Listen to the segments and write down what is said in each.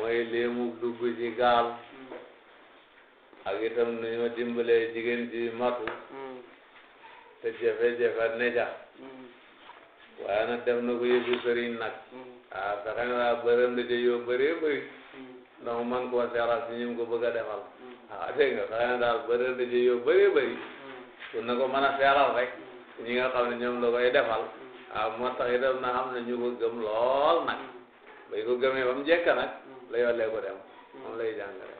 mooy léemu dugg ci gaal ak itam nu ñu dimbalee jigéen ji matu te jafe-jafe ne ca waaye nag def na ko yëfi sëriñ nag ah fexe na bërëm da jëyoo bëree bëri ndax mu man koo seeral si ñu ko bëgg a defal ah dégg nga fexe na daal bërëm da jëyoo bëree bëri pour na ko mën a seeral rek ñi nga xam ne ñoom la koy defal ah moo tax itam na xam ne ñu ko gëm lool nag bay ko gëmee ba mu jekk nag la yollee ko dem moom lay jàngale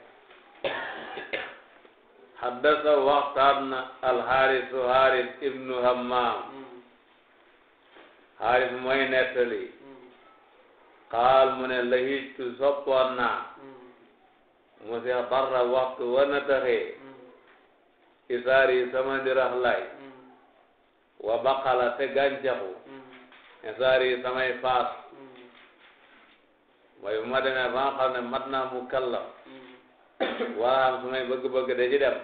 haddasa waxtaan na alxaaris xaaris ibnu hammaam xaaris mooy nettali qaal mu ne lahitu soppoon naa mu si barra waxtu wana taxee isaari sama ndirax lay wa baqala te gàncaxu isaari samay faas mooy bu ma demee ba nga ne mat naa mu kàllam wala am su may bëgg-bëgg da ci dem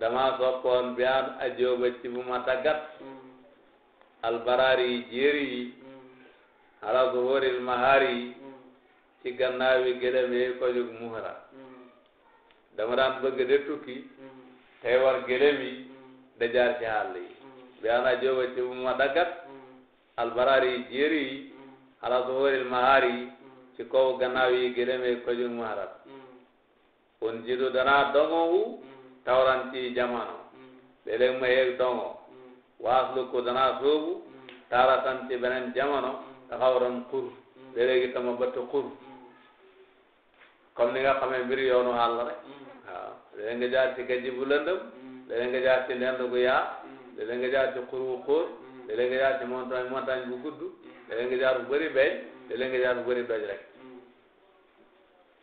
damaa soppoon bi aan ajooba ci bu ma tàggat albaraar yi jéeri yi ala zuhuril mahaar yi ci gannaaw yi yi ko jóg muhra dama daan bëgg de tukki tey war gëlëm yi da jaar ci àll yi bi aan ajooba ci bu ma tàggat albaraar yi jéeri yi ala zuhuril mahari ci kaw gannaaw yi gëlëmee ko ju maarab kon jidu danaa dongowu tawran ci jamono léeg-léeg ma yeeg dongo waaslu ko danaa soobu taaratan ci beneen jamono taxawran xur léeg-léeg itam ma bëtt xur comme ni nga xamee mbir yoonu àll ci géej bu lëndëm léeg ci ndend gu yaa léeg ci xur wu xóor léeg-léeg ci montagne montagne bu léeg-léeg nga jaar bu bëri beeñ léeg-léeg nga jaar bu bëri beeñ rek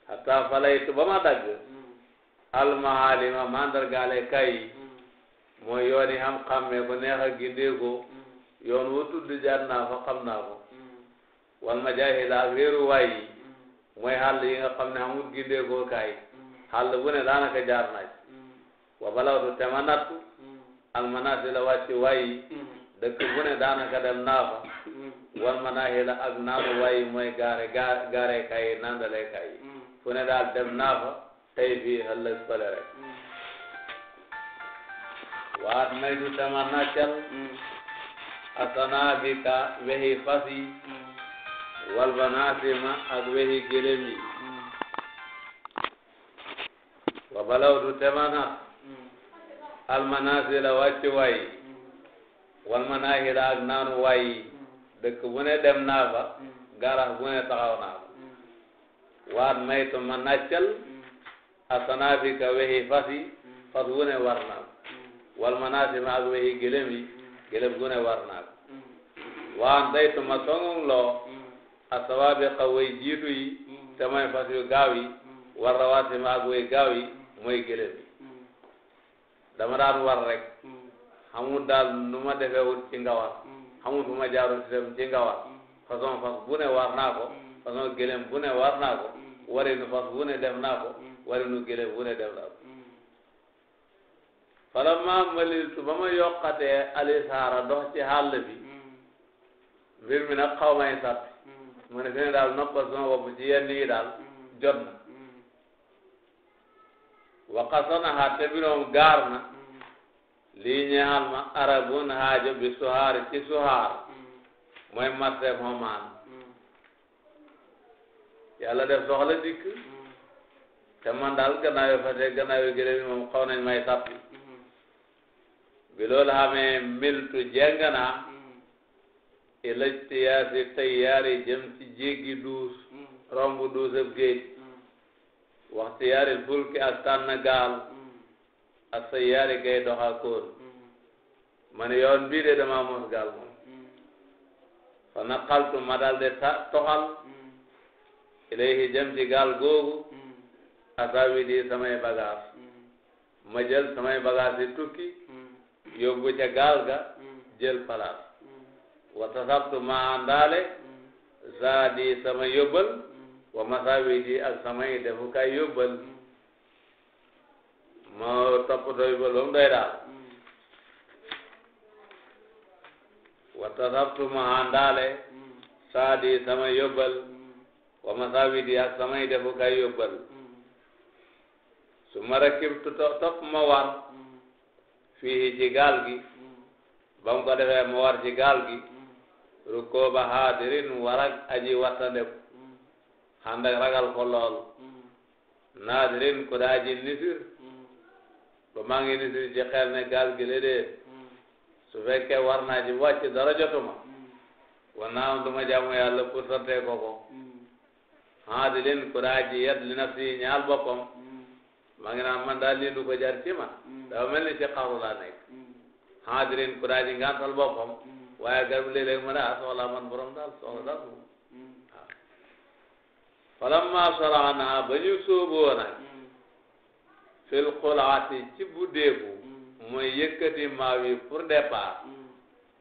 hatta falaytu ma dagg almahaalima kayi mooy yoon yi xam xàmmee bu neex a gindee ko yoon wu tudd jaar naa fa xam naa ko wal ma jaahila ak réeru waay yi mooy xàll yi nga xam ne amul gindee koo kaay xàll bu ne daanaka jaar naaj wa balawtu te ma nattu al manazila wàcc waay yi dëkk bu ne daanaka dem naa fa wal manaaxil ak naamu waay mooy gaare gaare kayi nandale mm. fu ne daal dem naa fa tey fii ëllëg fële rek mm. waat may du tama naccal mm. asanaa bi ka wehi fas ma ak wehi wa balaw du tema na almanaasila wàccu waay wal manaaxil ak naanu waay dëkk bu ne dem naa fa mm. garaas bu ne taxaw naa fa mm. waat maytu ma nàccal mm. asanaafi ka wehi fas yi fas wu ne war naa ko wal ma naasi ma ak wehi yi gëlëm gu ne war naa ko waan daytu ma songum loo asawaabi ka way jiitu yi te mooy fas yu gaaw yi war rawaati ma ak gaaw yi mooy gëlëm yi dama daan war rek xamul daal nu ma defee wut ci war amul fu ma jaarul si dem ci nga war mm-hmm. façon fas bu ne war naa ko mm-hmm. façon bu ne war naa ko mm-hmm. warinu bu ne def naa ko warinu gëlëm bu ne def naa ko falamma maliltu ba ma yokkatee alisaara dox ci xàll bi mbir mi nag xaw may sàppi ne fi ne daal noppal sama bopp ci yenn yi jot na wa qasanaha te biroom gaar na lii ñeexal ma arabun haajo bi suhaar ci suhaar mooy marteb homaan yàlla def soxla dikk te man daal gannaaw yi fas yi gannaaw may sàppi bi loolu xamee miltu jeng naa ilaj tiyaasi tayyaari jëm ci jéggi duus romb duus ab géej waxtiyaari fulki ak tànn gaal asayyaari gay doxa koon mm. ma ne yoon bii de dama mos gaal moom mm. fa naqaltu ma daal de ta toxal mm. ilayhi jëm ci gaal googu asaawi di samay bagage ma jël samay bagage yi tukki yóbbu ca gaal jël palaas wa tasabtu ma àndaale zaadi sama yóbbal wa masaawi di ak samay defukaay yóbbal moo toppatoo yi ba lu mu doy daal ma àndaale saa di sama yóbbal wa di ak samay defukaay yóbbal su ma rakibtu topp ma war fii ci gaal gi ba ko defee ma war ci gaal gi rukkoo ba haadirin warag aji wattandeku xànd ak ragal ko lool naadirin aji nisir ba maa ngi ni si ci ne gaal gi la dee hmm. su fekkee war naa ci wàcc dara jotuma hmm. war naa am du ma jaamu yàlla pour santee ku daa ji yet si ñaal boppam hmm. maa ngi naan man daal lii jar ci ma dafa mel ni ci xaru laa nekk haa di leen ku daa ji ngantal boppam waaye garab léeg ma daa ah, soxla man borom daal soxla daal moom waaw falamma saraana ba ñu sóoboo nag fil xulaati ci buddeeku mooy yëkkati maaw yi pour départ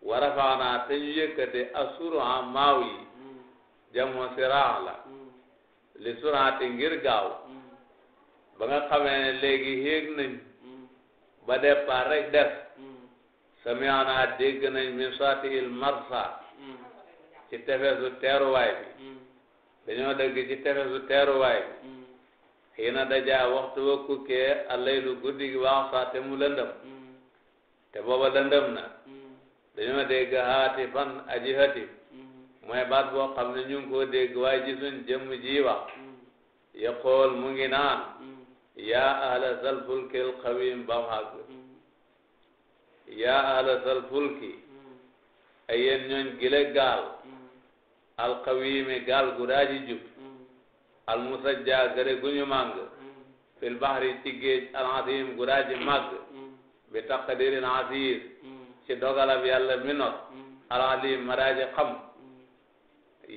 wa rafaanaa te ñu yëkkati asura maaw yi jamoo siraax la li suraati ngir gaaw ba nga xamee ne léegi yéeg nañ ba départ rek def samianaa dégg nañ min soiti il marsa ci tefesu teeruwaay bi dañoo dëgg ci tefesu teeruwaay bi xiina dajaa waxtu wa kukkee allaylu guddi gi wax te mu lëndëm te booba lëndëm na dañoo dégg haati fan aji hatif mooy baat boo xam ne ñu ngi koo dégg waaye gisuñ jëmm ji wax yaqool mu ngi naan yaa ahla sal fulkil qawim bam hàgg yaa ahla sal fulki ay yéen ñooñ gile gaal alqawimi gaal gu daaji jub al musajja gëre gu mm. fil bahri ci géej al azim gu daaji màgg mm. bi taqdirin aziz mm. ci dogalab yàlla mi not al alim ma xam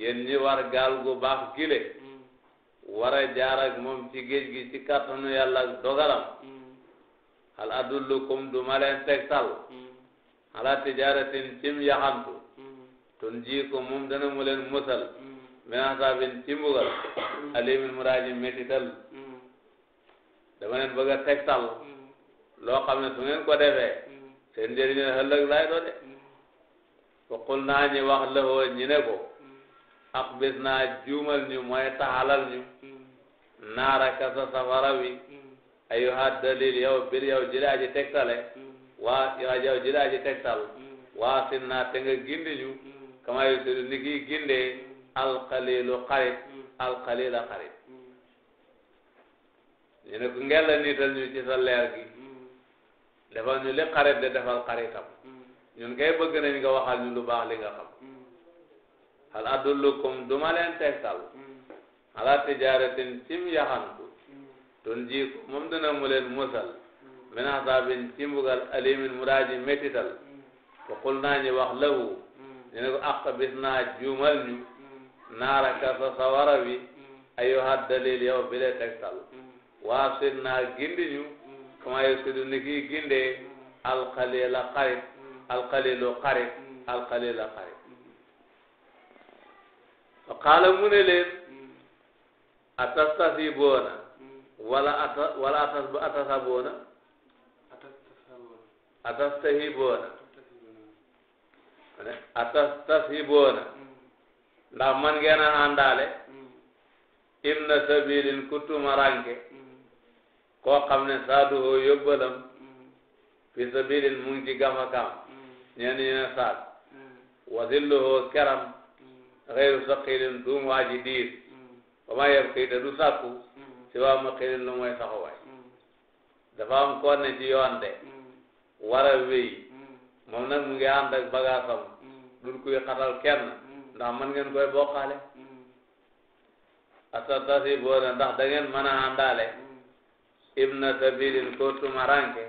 yéen ñi war gaal gu baax gile war a jaar ak moom ci géej gi ci kàttanu yàlla ak dogalam hal adullukum du ma leen tegtal ala tijaratin cim yaxantu tun ji ko moom dana mu musal min asaabin ci mbugal alimin mu raaji métital dama leen bëgg a tegtal loo xam ne su ngeen ko defee seen njëriñ la ëllëg laay doo de foqul naa ñi wax lëxoo ne ko ak bis naa juumal ñu mooy taxalal ñu naara kasa safara wi ayuha dalil yow bir yow jëlee aji tegtale waa yow jëlee aji naa te nga gindi ñu kama yu tudd alxalilu xarit mm. alxalila xarit ñu mm. ne ko ngella niital ñu ci sa leer gi mm. defal ñu li xarit de defal xaritam ñun kay bëgg nañ ko waxal ñu lu baax li nga xam hal adullukum duma leen tegtal ala tijaratin cim yaxantu tun jiiku moom dana mu leen musal min asaabin ci mbugal alimin mu daaji métital fa qul naa ñu wax lahu ñu ne ko aq bis naa juumal ñu naaraka sa sawara wi ayyuha dalil yow bi le tegtal waa sit naa gindi ñu kama yow sidu ni kii gindee alxalila xarit alxalilu xarit alxalila xarit fa qaala mu ne leen atastasiboona wala ata wala atas atasaboona atastahiboona atastasiboona ndax man ngeen a àndaale hmm. ibna sabilin ku tumaranke hmm. koo xam ne saaduhoo yóbbalam hmm. fi sabilin mu ngi ci gafakaam ñeen ñi ne saad wasilluhoo keram xeyru saqilin duum waa diir ba ma yeb kii te du sàkku si waa ma xilin lu mooy saxuwaay dafa am koo ne ci yoon de war a moom nag mu ngi ànd ak bagaasam dul kuy xatal kenn ndax mën ngeen koy bokkaale atatasiboona ndax da ngeen mën a àndaale ibna sabilin ko tumaranke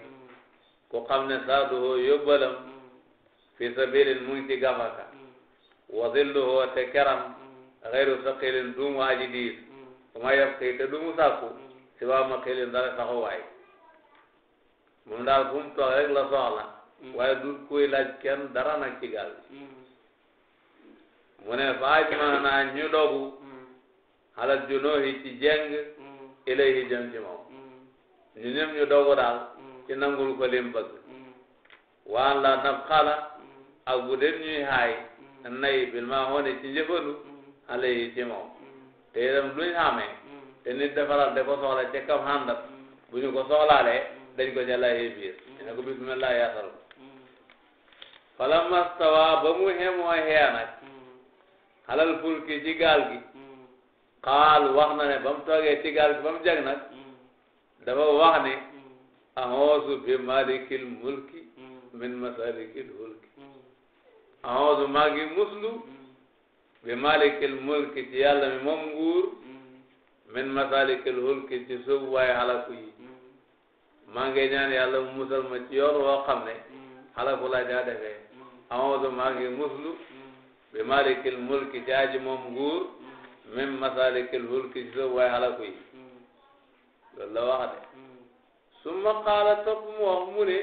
ku xam ne saaduhoo yóbbalam fi sabilin mu ngi ci gafaka te keram xeyru saqilin duum waaji diis uma yab kii te du mu sàkku ma dara saxuwaay moom mu toog rek la soxla mm. waaye du koy laaj kenn dara nag ci mu ne faaj ma naa ñu dogu xalal junoohi ci jeng ilayhi jëm ci moom ñu ñëpp ñu dogu daal ci nangul ko lim bëgg waan la naf xala ak bu dem ñuy xaay nay bil maa xoone ci njëfandu alayhi ci moom te itam luñ te nit defaral de ko soxla ca kam xàndat bu ñu ko soxlaalee dañ ko ca layee biir dina ko bismillah yaatal ko falamma stawa ba mu xemoo xee nag alal fulki ci gaal gi xaal wax na ne ba mu toogee ci gaal gi ba mu jag nag dafa wax ne ahoosu bi malikil mulki min masalikil hulki ahoosu maa ngi muslu bi malikil mulki ci yàlla mi moom nguur min masalikil hulki ci suuf waaye xalaku yi maa ngi ñaan yàlla musal ma ci yoon woo xam ne xalaku laa jaa defee ahoosu maa ngi muslu bi malikil mulki ci aji moom nguur min masalikil mulki ci soobu waay xalaku yi loolu la wax de summa qaala topp mu wax mu ne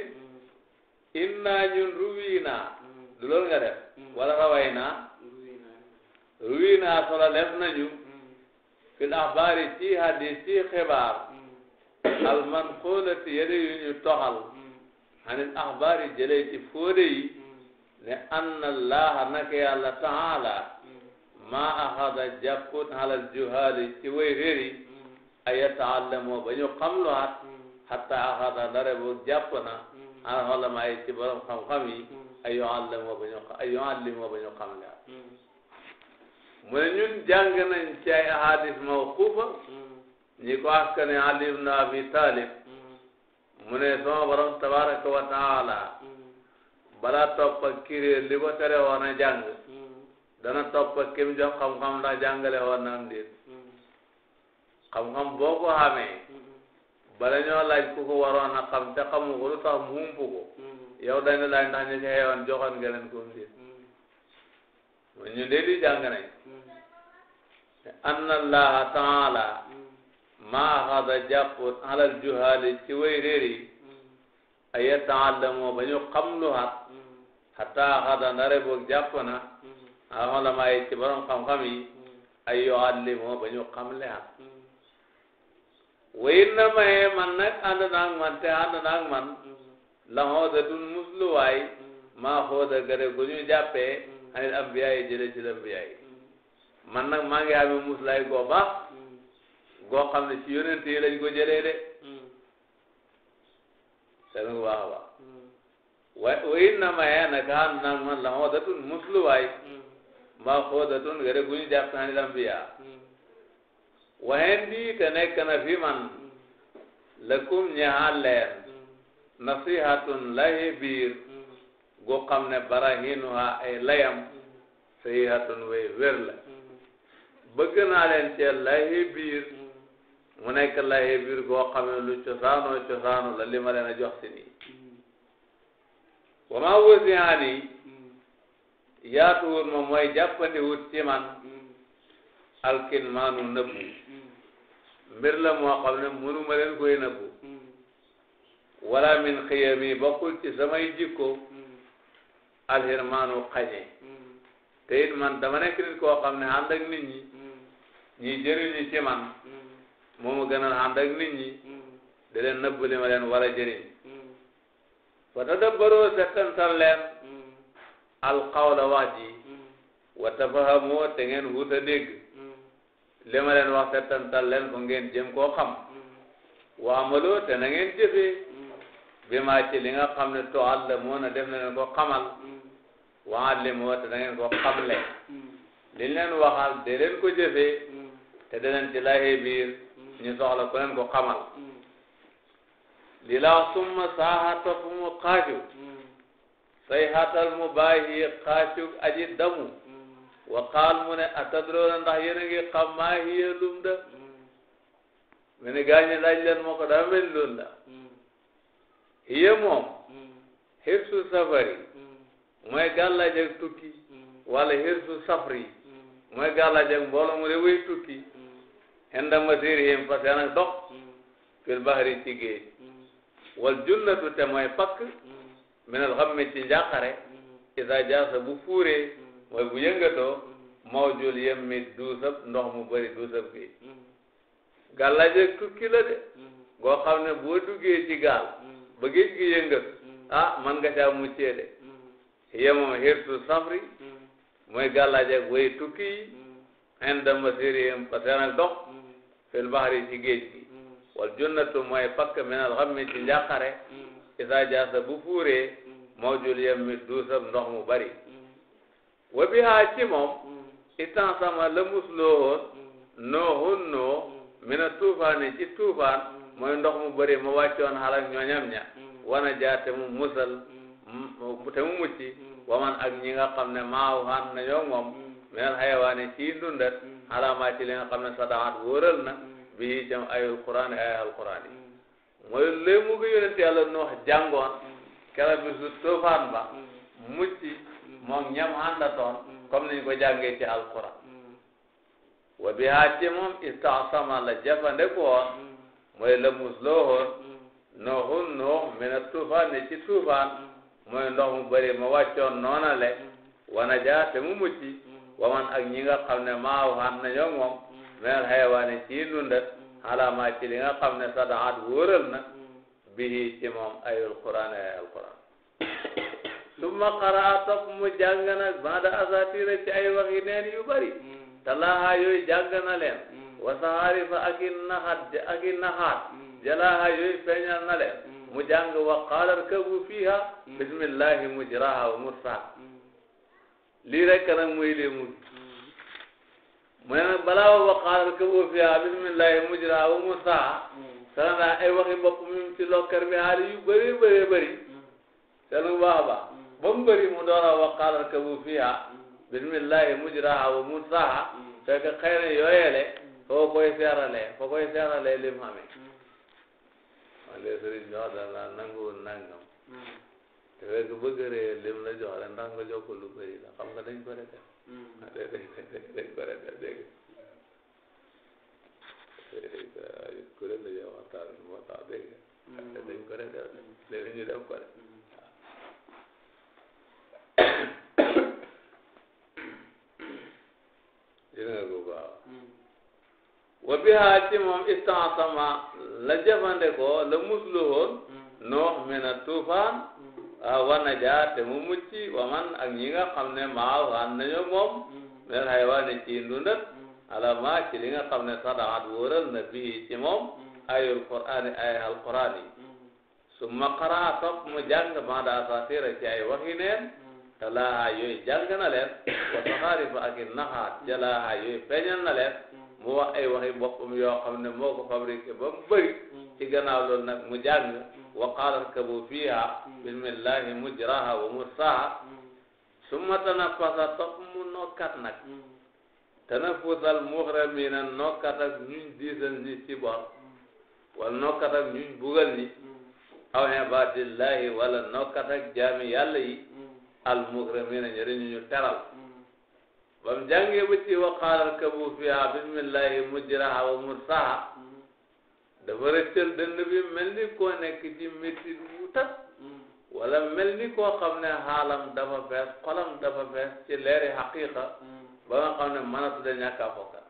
inna ñun ruwi naa du loolu nga def wala raway naa ruwi naa solo def nañu fil axbaari ci hadis ci xibaar almanqulati yëre yu ñu toxal xanil axbaari jëlee ci fóode yi ne anna allaha naka yàlla taala maa axada jàpput halal juhaali ci way réeri ay yataallamoo ba ñu xamluwaat hatta axada ndare bu jàpp na an xolama yi ci xam-xam yi ay yuallimoo ba ñu ba ñu xamlewaat mu ne ñun jàng nañ ci ay ahadis mawqufa ñi ko askane Ali ibn Abi Talib mu ne sama borom tabaraka wa taala balaa topp ak kirée li ko a jàng dana topp ak kim jox xam-xam ndax jàngale woon na am déet xam-xam boo bala ñoo laaj ku ko waroon a xam te xamu ko lu tax mu ump ko yow dañ la laaj ndax ñu ci xewoon joxoon nga leen ko am alal juhaali ci way réer yi ay yetta allamoo ba xataa axada ndare boog jàpp na ama la may ci borom xam-xam yi ay yoxaat li ba ñu xam le at wayin na ma man nag ànd naag man te ànd naag man la xooda dun musluwaay maa xooda gëre gu ñu jàppee xanit ambiya yi jële ci ambiya man nag maa ngi amee muslaay goo baax ci yonent yi lañ ko jëlee de seen bu baax wa innama yaa nag xam naa man la moodatun musluwaay maa xoodatun gërë gu ñu jàpp naa ni lambiya waxeen di te nekk na fi man lakum ñaxal leen nasihatun ne barahinuha ay layam sahihatun way wér la bëgg naa leen cee lahi biir mu nekk lahi biir goo xam ne lu cosaanoo cosaanu la li ma leen wa maa wasi'ani yaatuwul ma mooy jàppandi wut ci man alkinmaanu nëbbu mbir la moo xam ne mënu ma leen koy nëbbu wala min xiyami bokkul ci samay jikko alhirmaanu xañe te it man dama nekk nit koo xam ne ànd ak nit ñi ñi jëriñu ci man moomu gënal ànd ak nit ñi mm. di leen nëbbu li ma leen war a wa tadabbaroo settantal leen alqawla wax ji wa tafahamoo te ngeen wut a dégg li ma wax settantal leen ko ngeen jëm koo xam wa amaloo te na bi maa ci li nga xam ne tuallimuuna def na leen ko xamal wa allimoo te na ko xamle len leen waxal de leen ko jëfee te danañ ci laajee biir ñu soxla ku leen ko xamal. li la wax summa saaha topp mu xaaju sayhatal mu bàyyi xaacug aji damu waqaal mu ne atadroona ndax yéen a ngi xam maa hiya lum da mu ne gaa ñi laaj ko daa mel loolu hiya moom hirsu safari mooy gàllaaj ak tukki wala hirsu safri mooy gàllaaj ak mbooloo mu de tukki henda masirihim parce que nag dox fil ci géej wal junnatu te mooy pakk minal xam mi ci njàqare isa jaasa bu fuuree mooy bu yëngatoo mawjul yem mi duusab ndox mu bëri duusab gi gàllaje tukki la de goo xam ne boo duggee ci gaal ba géej gi yëngatu ah man nga caa muccee de yemoo hirtu safri mooy gàllaje way tukki yi indama sériyam parce que nag dox fil bahri ci géej gi wal junnatu mooy pakk minal xammi ci njàqare mm. isa jaasa bu fuuree mawjul mm. yem mi duusam ndox mu bari mm. wa bihaa ci moom itan sama la musloowoon noohun noo mina tuufaani ci tuufaan mooy ndox mu bari ma wàccoon xalak ñooñam ña wana jaa mu musal te mu mucc waman ak ñi nga xam ne maaw xaan nañoo moom minal xayawaani ci ndundat xalaamaa ci li nga ne sadaxaat wóoral na bii jam ayul quran ay al quran yi mooy léegi mu ko yonent nu wax jàngoon keroog bisu tuufaan ba mucc moom ñam àndatoon comme niñ ko jàngee ci al quran wa bihaa ci moom istaasama la jëfandikoon mooy la musloohoon nooxun noox mi na tuufaan ne ci tuufaan mooy ndox mu bëri ma wàccoon noona le wana jaa te mu mucc waman ak ñi nga xam ne maaw xam nañoo moom minal xayawaani ci dundat xalaamaa ci li nga xam ne sadaat wóoral na bihi ci moom ayul quran ay al quran qaraa topp mu jàng nag baada asatira ci ay waxi neen yu bari talaaha yooyu jàng na leen wa saxaarifa ak i naxaat jalaaha yooyu feeñal na leen mu jàng wa qaala rkabu fiiha bismillahi mujraha wa mursaha lii rekk nag muy lii mu bala nag balaa wa qaala irkabuu fiihaa bismillahi mujraa wa mursahaa sala naa ay waxi bopp ñu ci lokkar bi xaali yu bëri bëri bëri mu baax a baax ba mu bëri mu door a wa qaala irkabuu fiihaa bismillahi mujraa wa mursahaa fekk xëy na yooyele foo koy seeralee foo koy seeralee lim xamee man de sëriñ jox da la nanguwul nangam hmm. te fekk bëgg ree lim la jox rek ndax nga jokkul lu bëri la xam nga dañ ko def Mm. ah déedéet dañ ko rafet dégg nga kuréel la ñuy waxtaan moo tax dégg nga ah dañ ko rafet léegi ñu def ko de dégg mm. mm. nga ko baax wa biha ci moom istansama la jëfandikoo la muslu woon noox wa najaa te mu mucc wa man ak ñi nga xam ne maa waan nañu moom hmm. mel xaywaani ci ndundat hmm. alama ci li nga xam ne sadaat wóoral na bii ci moom hmm. ayul qur'aani ay alqur'aan yi su ma qaraa topp mu jàng maa daa saatira ci ay waxi neen te laahaa yooyu jàng na leen wa saxaarifa ak i naxaat ja laahaa yooyu feeñal na leen mu wax ay waxi boppam yoo xam ne moo ko fabriqué ba mu bëri ci gannaaw nag mu jàng wa qaala irkabu fiiha bismillahi mujraha wa mursaha summa tanaffasa topp mu nokkat nag tanafusal muxramina nokkat ak ñuñ diisal ñi ci bor wala nokkat ak ñuñ bugal ñi aw ibadillahi wala nokkat ak jaami yàlla yi al muxramina ñëri ñu ñu teral ba mu jàngee ba ci waqaala irkabu fiihaa bismillahi mujraha wa mursaha dafa rëccal dënn bi mel ni koo nekk ci métit bu tas mel ni koo xam ne xaalam dafa fees xolam dafa fees ci leeri xaqiqa ba nga xam ne mënatu da ñàkk fokka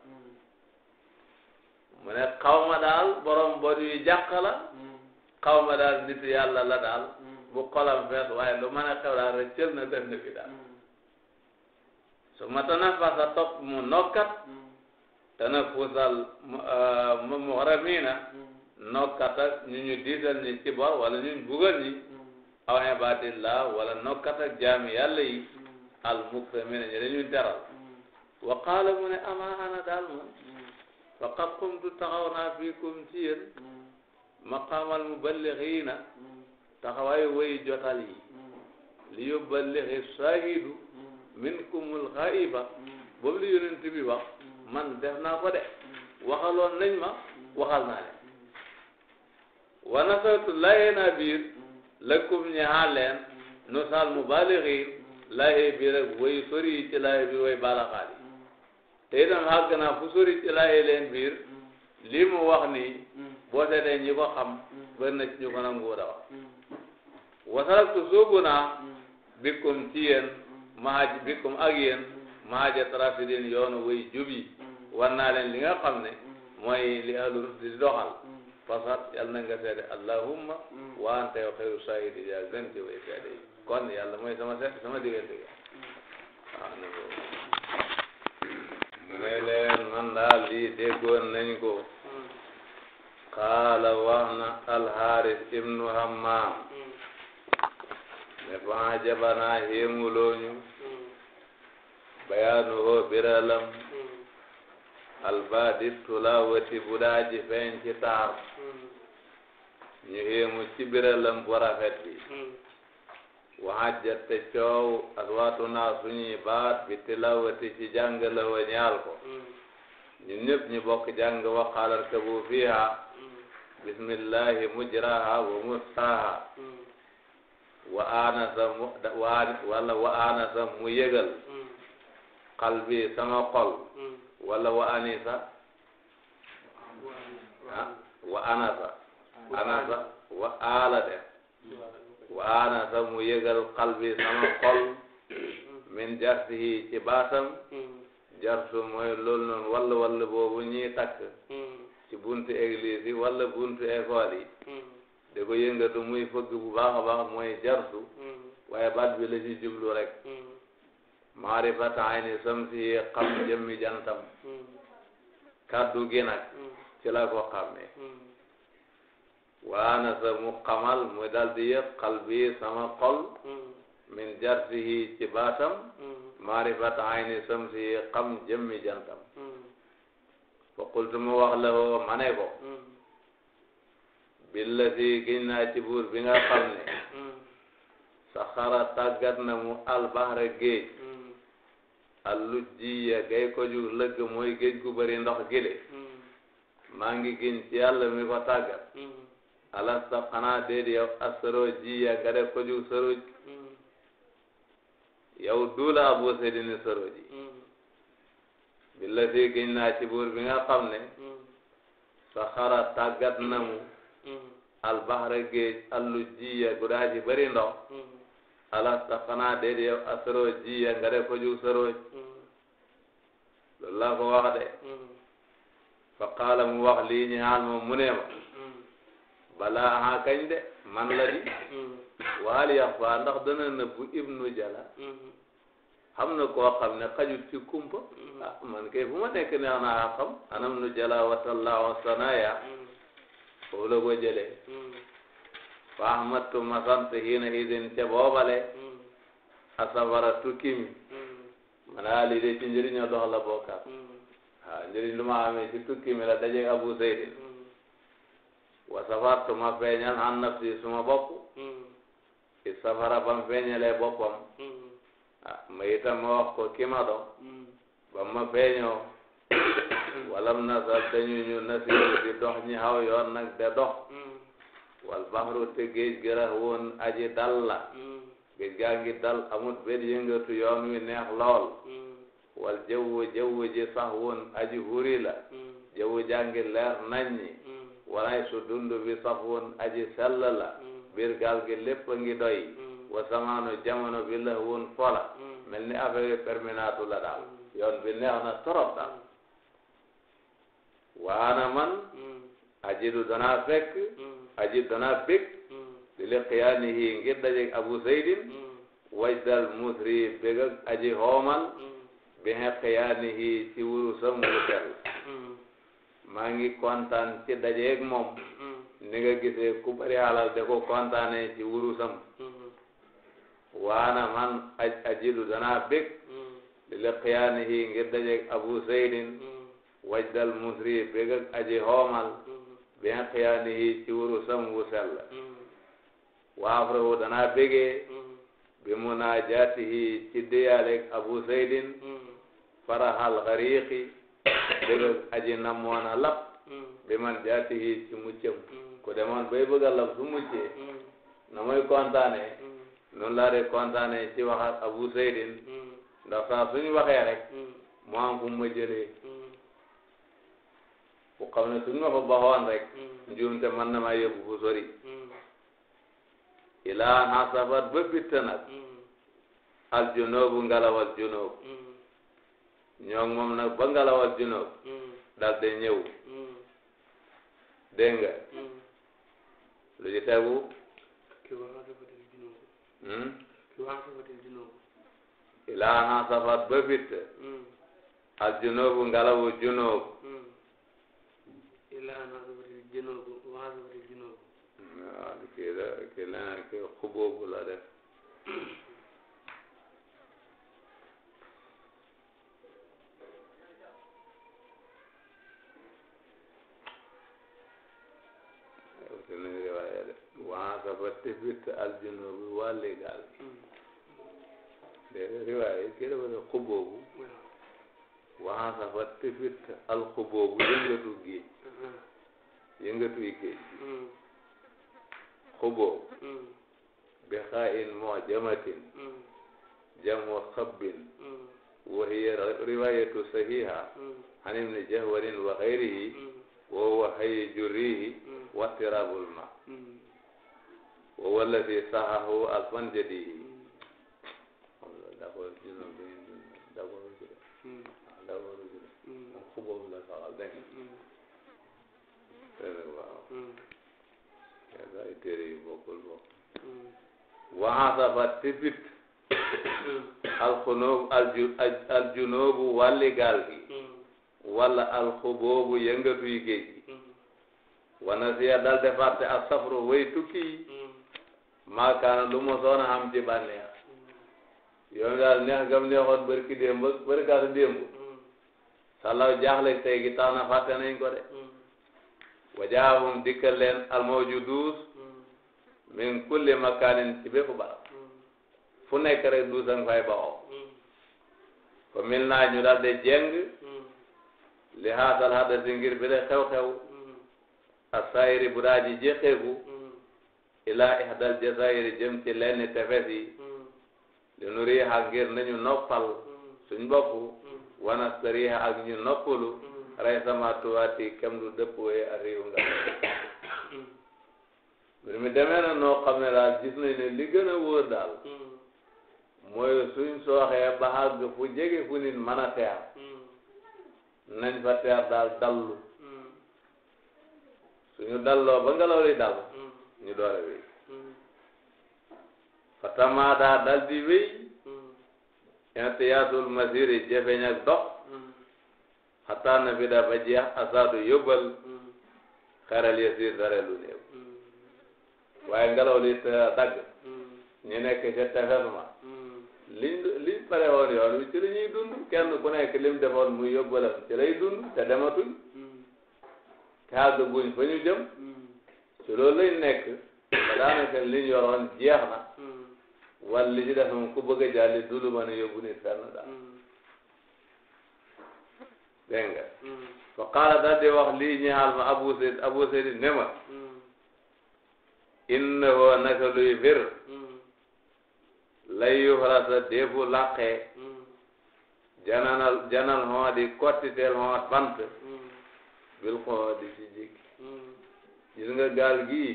mu ne xaw daal borom bon yu jàq la daal nitu yàlla la daal bu xolam fees waaye lu mën xew daal rëccal na dënn bi daal su ma tanafasa topp mu mm. nokkat tanafusal mu muxramiina nokkat nu ñu ñu diisal ñi ci bor wala ñu bugal ñi mm. aw ibadillah wala nokkat ak jaami yi mm. al mukramiina ñu dañuy teral wa mu ne ama ana daal man faqad qumtu taxaw naa fiikum ci yéen maqaamal muballixiina taxawaayu way jotal yi li yuballighi shaahidu minkumul xaiba mm. boobu li yonent bi wax mm. man def naa ko de mm. waxaloon nañ ma waxal naa leen wa nasartu layee naa biir lakum ñehaa leen nu sal mubalixiin layee biir ak way sori yi ci layee bi way balaxaali te itam xàgg naa fu sori ci layee leen biir lii mu wax nii boo seetee ñi ko xam bari na ci ñu ko nanguwut a wax wasalatu soobu naa bikkum ci yéen maaj bikum ak yéen maaja trafidin yoonu way jubi war naa leen li nga xam ne mooy li ahlu rusdi di doxal fasat yàlla na nga seede allahumma wa anta yow xeyru saahidi yaa gën ci kon yàlla mooy sama seet sama diggante ga waaw ne ko mu hmm. ko qaala wax na alxaaris ibnu hammaam hmm. ne fanga jabanaa héemu looñu bayaanu hoo biralam albaadi tulawati bu daaji feeñ ci taar ñu héemu ci biralam bu rafet bi waxajat te coow aswaatunaa suñuy baat bi tilawati ci jàng la wa ko ñun ñëpp ñu bokk jàng waxaalar kabu fiha bismillahi mujraha wa mustaha wa aanasa mu wala wa aanasa mu yëgal qalbi sama xol wala wa anisa ah wa anasa anasa wa aala def wa anasa mu yëgal qalbi sama xol min jarsihi ci baasam jarsu mooy loolu noonu walla walla boobu ñuy takk ci buntu église walla buntu école da ko yëngatu muy fëgg bu baax a baax mooy jarsu mm-hmm. waaye baat bi la ci jublu rek mm-hmm. maarifata ayni samsi xam jëmmi jantam mm-hmm. kaddu gi nag ci la ko xàmmee waana sa mu xamal mu dal di yëpp bi sama xol min jarsihi ci baatam maarifata ayni samsi xam jëmmi jantam fa qultu mu wax la woo ma ne ko billadi giñ naa ci buur bi nga xam ne saxara tàggat na mu albahra jiya gay ko ju lëgg mooy géej gu bëri ndox gile maa ngi giñ ci yàlla mi ko tàggat alasta xanaa déedi yow asaro jiya nga def ko ju saroji billadi giñ naa ci buur bi saxara tàggat na a géej allu jiya gudaa ji bëri ndox mm-hmm. alasta xanaa déet yow asaroo jiya nga def ko jug sarooy loolu laa wax de mm-hmm. fa qaala mu wax lii ñu moom mu ne mm-hmm. balaa aha kañ de man la di waal yax faa ndax dana nëbbu ibnu jala xam na koo xam ne xajut ci kumpa ah man kay fu nekk neex naa xam anam nu jala wa wa sanaya foofu la ko jëlee fa ahmadtu ma sant hiina idin ca asafara tukki ma ne ah lii de ci njëriñoo dox la bokkaat ah njëriñ lu la dajeeg abu zeydin wa safartu ma feeñal an nafsi suma bopp i safara bam feeñalee boppam ma itam ko ki ma ba ma feeñoo walam nasal dañu ñu nasiru di dox ñi xaw yoon nag de dox wal baxru te géej gi rax woon aji dal la géej gaa ngi dal amut benn yëngatu yoon wi neex lool wal jawwu jawwu ji sax woon aji huri la jawwu jaa ngi leer naññi walay su dund bi sax woon aji sell la biir gi lépp a ngi doy wa samaanu jamono bi la woon fola mel ni affaire perminaatu la daal yoon bi neex na torop daal waana man ajidu danaa fekk hmm. ajidu danaa bég hmm. li liqiyaanihi ngir dajeeg abu zaydin hmm. wajdal musri bég aji xooman bi xiyaanihi ci wurusam wu sell maa ngi kontaan ci dajeeg moom ni nga gisee ku alal de ko kontaanee ci wurusam waana man ajidu danaa bég li liqiyaanihi ngir dajeeg abu zaydin wajdal musri bég ak aji xoomal bien xiyaani yi ci wuru sam wu sell waafrahu danaa bégee bi munaajaatihi ci diyaaleeg abu saydin faraxal xariqi bég ak aji namoona lap bi man jaatihi ci muccam ku demoon bay bëgg lap su muccee na kontaane noonu laa di kontaane ci waxat abu saydin ndax saa suñu mu am fu ma jëlee ku xam ne suñ ma ko baxoon rek hmm. njuumte man na maa yóbbu fu sori hmm. ilaa nasabat ba bitta nag hmm. al junoobu ngalawal junoob ñoom moom nag ba ngalawal junoob dal de ñëw dégg nga lu ci tegu ilaa nasabat ba bitta al ilaa an asbatil junoobu wa asbatil junoobu waaw kii la kii la kii xuboobu la def ba te bitt aljunubi waa légal de riwaaye kii dafa ne xuboobu waxaasa ba te bitt alxuboobu yëngatu géej yëngatuy géej xuboo bi xaayin moo jamatin jamu xabbin wa hiya riwayatu sahiha an ibni jahwarin wa xayrihi wa huwa hayi jurrihi wa tirabul ma wa wallati sahahu alfanjadihi d' yàlla ay téere yu bokkul hmm. bokk waxaasa ba tibit alxunoobu aljunoobu wàlli géej gi hmm. wana siya dal way tukki yi hmm. maakaana lu mu soona xam ci bànneex yoon neex gam neexoon bërki démb bërkaatu démb salaw jaaxle gi tax na fàtte nañ ko de wajaahum dikkal leen almawjuduus min kulli makaanin ci bépp barab fu nekk rek duus a nga fay bawoo fa mil ñu daal jeng li haasal hadasi ngir bi la xew-xew asaayiri bu daa ji jéqeeku ilaa ihdal jasaayiri jëm ci lenn tefes li nu riixa ngir nañu noppal suñ bopp wana sa riixa ak ñu noppalu ray sama tuwaati kem lu dëppooye ak réewum la mbir mi na noo xam ne daal ne li a wóor daal mooy suñ sooxee ba àgg fu jege fu nit mën a teer nañ fa teer daal dallu suñu dalloo ba ngelaw li dal ñu doore wéy fatama daa dal di wéy mm. intiyaatul masiri jafeñ ak dox xataa na bi dafa jeex asaadu yóbbal xaral yasir dara lu néew waaye ngelaw li te dagg ñu nekk ca tefes ma liñ liñ pare woon yoon wi ci la ñuy dund kenn ku nekk lim defoon muy yóbbalam ci lay dund te dematuñ kaas guñ fa ñu jëm ci loolu lañ nekk ba daanaka liñ yoroon jeex na wala li ci def moom ku bëgg a jàlli du lu mën a yóbbu nit fenn daal dégg nga hmm. fa qaala daal di wax lii ñaal ma abu zayd abu zayd ne ma hmm. innahu luy bir hmm. lay yuhrasa deebu làqee jananal janal hoo di kottiteel hoo bant bil xoo di ci jikki gaal gii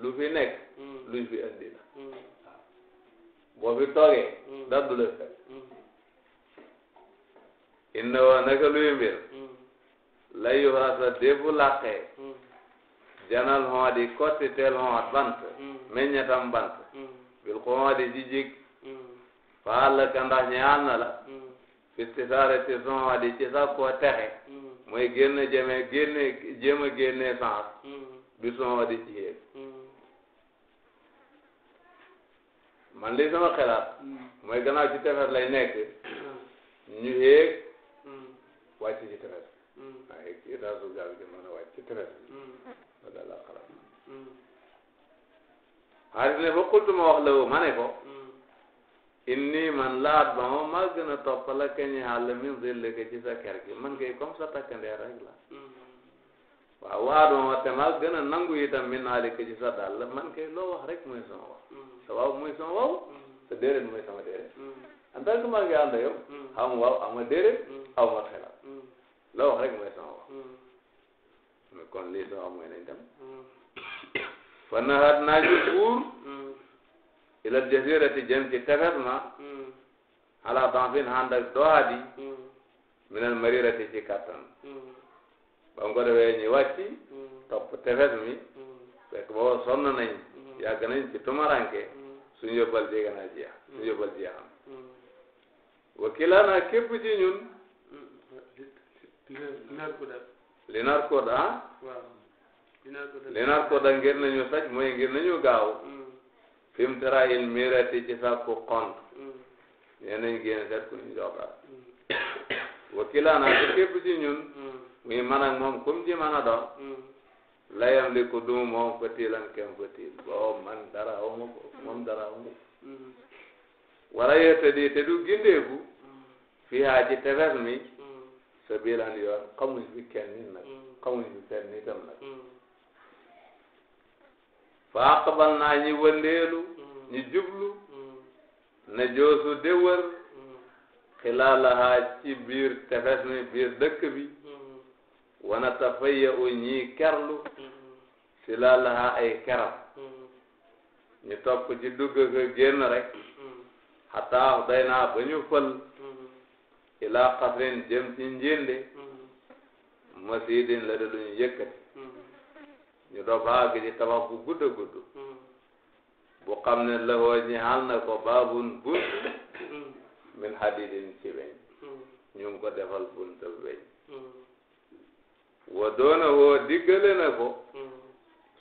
lu fi nekk luñ fi andi la boo fi toogee inna wa naka luy mbir la yuhaasa débu làqee janal hon di kotti teel hon bant meññetam bant bil ko hon di jijig faala ka ndax ñaan na la fistisaare ci son hon di ci sakkoo texe mooy génn jëme génne jéem a génne sens bi son hon di ci yéeg man li sama xelaat hmm. mooy gannaaw ci tefes lay nekk ñu yéeg wàcc ci tefes bi. waaye ci raasu gaal a wàcc ci tefes bi. loolu daal laa xalaat. xaalis ne fa xultu ma la wu ma ne ko. Mm. inni man laat ba ma maa min zillika ci sa kër man kay comme sa takkandeer rek la. Mm. waaw waa dama wax te maa gën a nangu itam min sa dàll man kay loo wax rek mooy sama wax. Mm. sa waaw mooy sama waaw. sa déedéet mooy sama déedéet. en tant que maa mm. mm. mm. ngi ànd ak yow. xaw ma ma déedéet. loo wax rek mooy sama kon lii sama mooy nañ dem. fan la naa ci buur. ila jasirati jëm ci tefes ma. ala danfin ànd ak doxaadi. minal marirati ci kattan. ba mu ko defee ñu wàcc. topp tefes mi. fekk booba sonn nañ. yàgg nañ ci tumaranke. suñu yóbbal jéeg naa jeex. suñu yóbbal jeexam. wakilaana képp ci ñun. linar koda. linar koda ah. waaw linar koda. linar koda ngir nañu saj mooy ngir nañu gaaw. Mm. fi mu tara il mirati ci sa ku xont. Mm. yéen nañ génn seet ku ñu jokkal. Mm. wakilaana te képp ci ñun. muy man ak moom kum ci mën a doon. layam li ko dum moom fëtil ak kem fëtil boo man dara aw ma ko moom dara aw ma ko. wala yettadi te du gindeeku fii haa ci tefes mi sabilan yoon xamuñ fi kenn nit nag xamuñ fi kenn nitam nag fa aqbal naa ñi wëndeelu ñi jublu ne joosu de wër xilaalaha ci biir tefes mi biir dëkk bi wana tafayya u ñii kerlu silaalaha ay keram ñu topp ci dugg ak génn rek xataa day naa ba ñu fël ilaa xasrin jëm ci njinde masidin la da lu ñu yëkkati ñu doog àgg ci tabax bu gudd xam ne la woo ñi xal na ko baabun bunt min hadidin ci weñ ñu ngi ko defal bunta weñ wa doona woo diggale na ko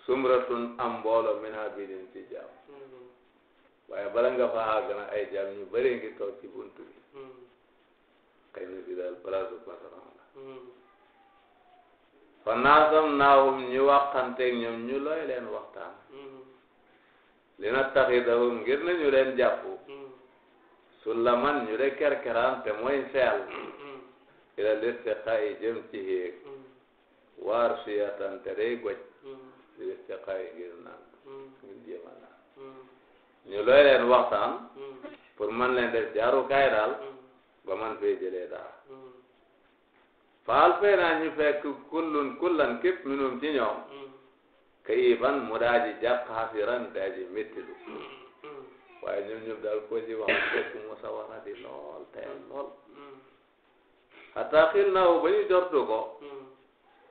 sumratun am mboolo min habidin ci jaam waaye bala nga fa na ay jaam ñu bëree ngi toog ci buntu bi hmm. xëy na fi daal place patron la hmm. fa naasam naawum hmm. ñu leen waxtaan li na taxidahum ngir nañu leen jàpp sullaman ñu de kerkeraan te mooy seel ila listiqa yi jëm ci héeg waar suyatan te day goj listiqa yi ngir ñu looy leen waxtaan hmm. pour man leen def jaarukaay daal hmm. ba man fee jëlee daal hmm. faal fee naa ñu fekk kullun kullan képp minum ci ñoom kayiban mu daaji jàq xasiran daaji méttilu waaye ñoom ñoom daal ko ci wax fekk mu sawara di lool tey lool xataa xil naaw ba ñu jortu ko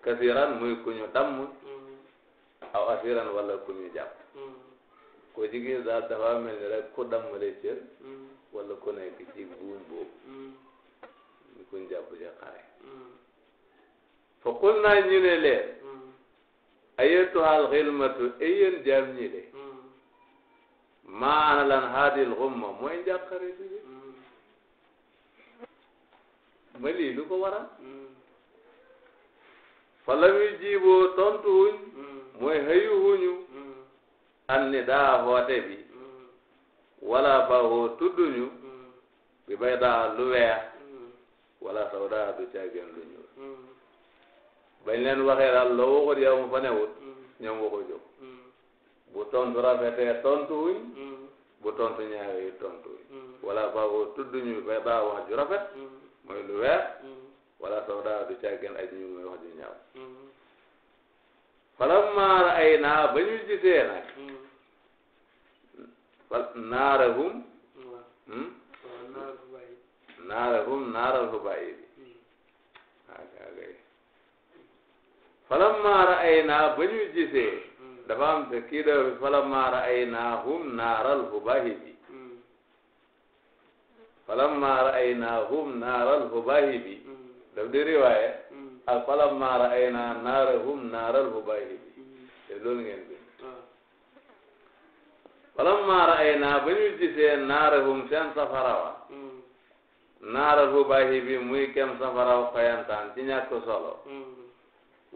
kasiran muy ku ñu damm aw asiran wala ku ñu ko jigéen daal dafa mel ni rek ku dammale cër mm. wala ku nekk ci buum boobu ñu mm. ko jàpp ci xare mm. fa qul naa ñu ne leen ayyatuhal xilmatu ayeen jaam ñi de maana lan haadil xumma ma lii lu ko waral fa la muy jiiboo tontu wuñ mooy xëyu wuñu an ni daa woote bi wala ba woo tudduñu bi bay daa lu weex wala saw daa du caageen lu ñuul bañ leen waxee daal loo waxut yow mu fa newut ñoom waxu jóg bu tontu rafetee tontu wuñ bu tontu ñaawee yi tontu wuñ wala ba woo tudduñu bi bay daa wax ju rafet mooy lu weex wala saw daa du caageen ay ñuul mooy wax ju ñaaw falamma ra'aynaa ba ñu gisee nag naarahum naarahum naaral hubayidi falamma ra'aynaa ba ñu gisee dafa am te kii dafa falamma ra'aynaahum naaral hubayidi falamma ra'aynaahum naaral hubayidi daf di riwaaye ak falamma ra'aynaa naarahum naaral hubayidi loolu ngeen falammaa ra'aynaa ba ñu gisee naarahum seen safarawa naarahu baahi bi muy kem safaraw xoyantaan ci ñàkk solo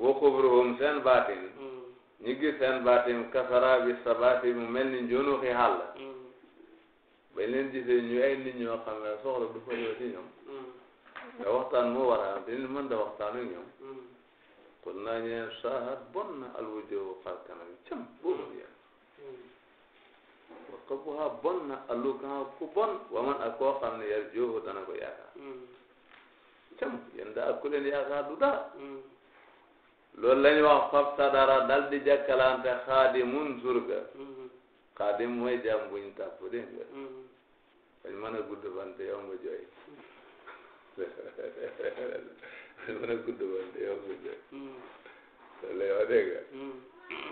wa xubruhum seen baatin ñu gis seen baatin kasara bi sabaati mu mel ni njunuxi xàll bañ leen gisee ñu ay nit ñoo xam ne soxla du fa ñëw ci ñoom te waxtaan moo wara te nit mën da waxtaan ak ñoom kon naa ñeen sahat bon na alwujuhu xar kanam cam boobu yàlla wa xëbbuha bon na allukaha ku bon waman ak koo xam ne yar joohu dana ko yaakaar cam hmm. yéen daal ku leen yaakaar du dara hmm. loolu la ñuy wax fabta dara dal di jàkkalante xaadimun surga hmm. xaadim mooy jàmm buñ tàpp dégg nga dañ mën a gudd fan te yomb a jooy dañ mën a gudd fan te yomb a jooy loolu la yoo dégg nga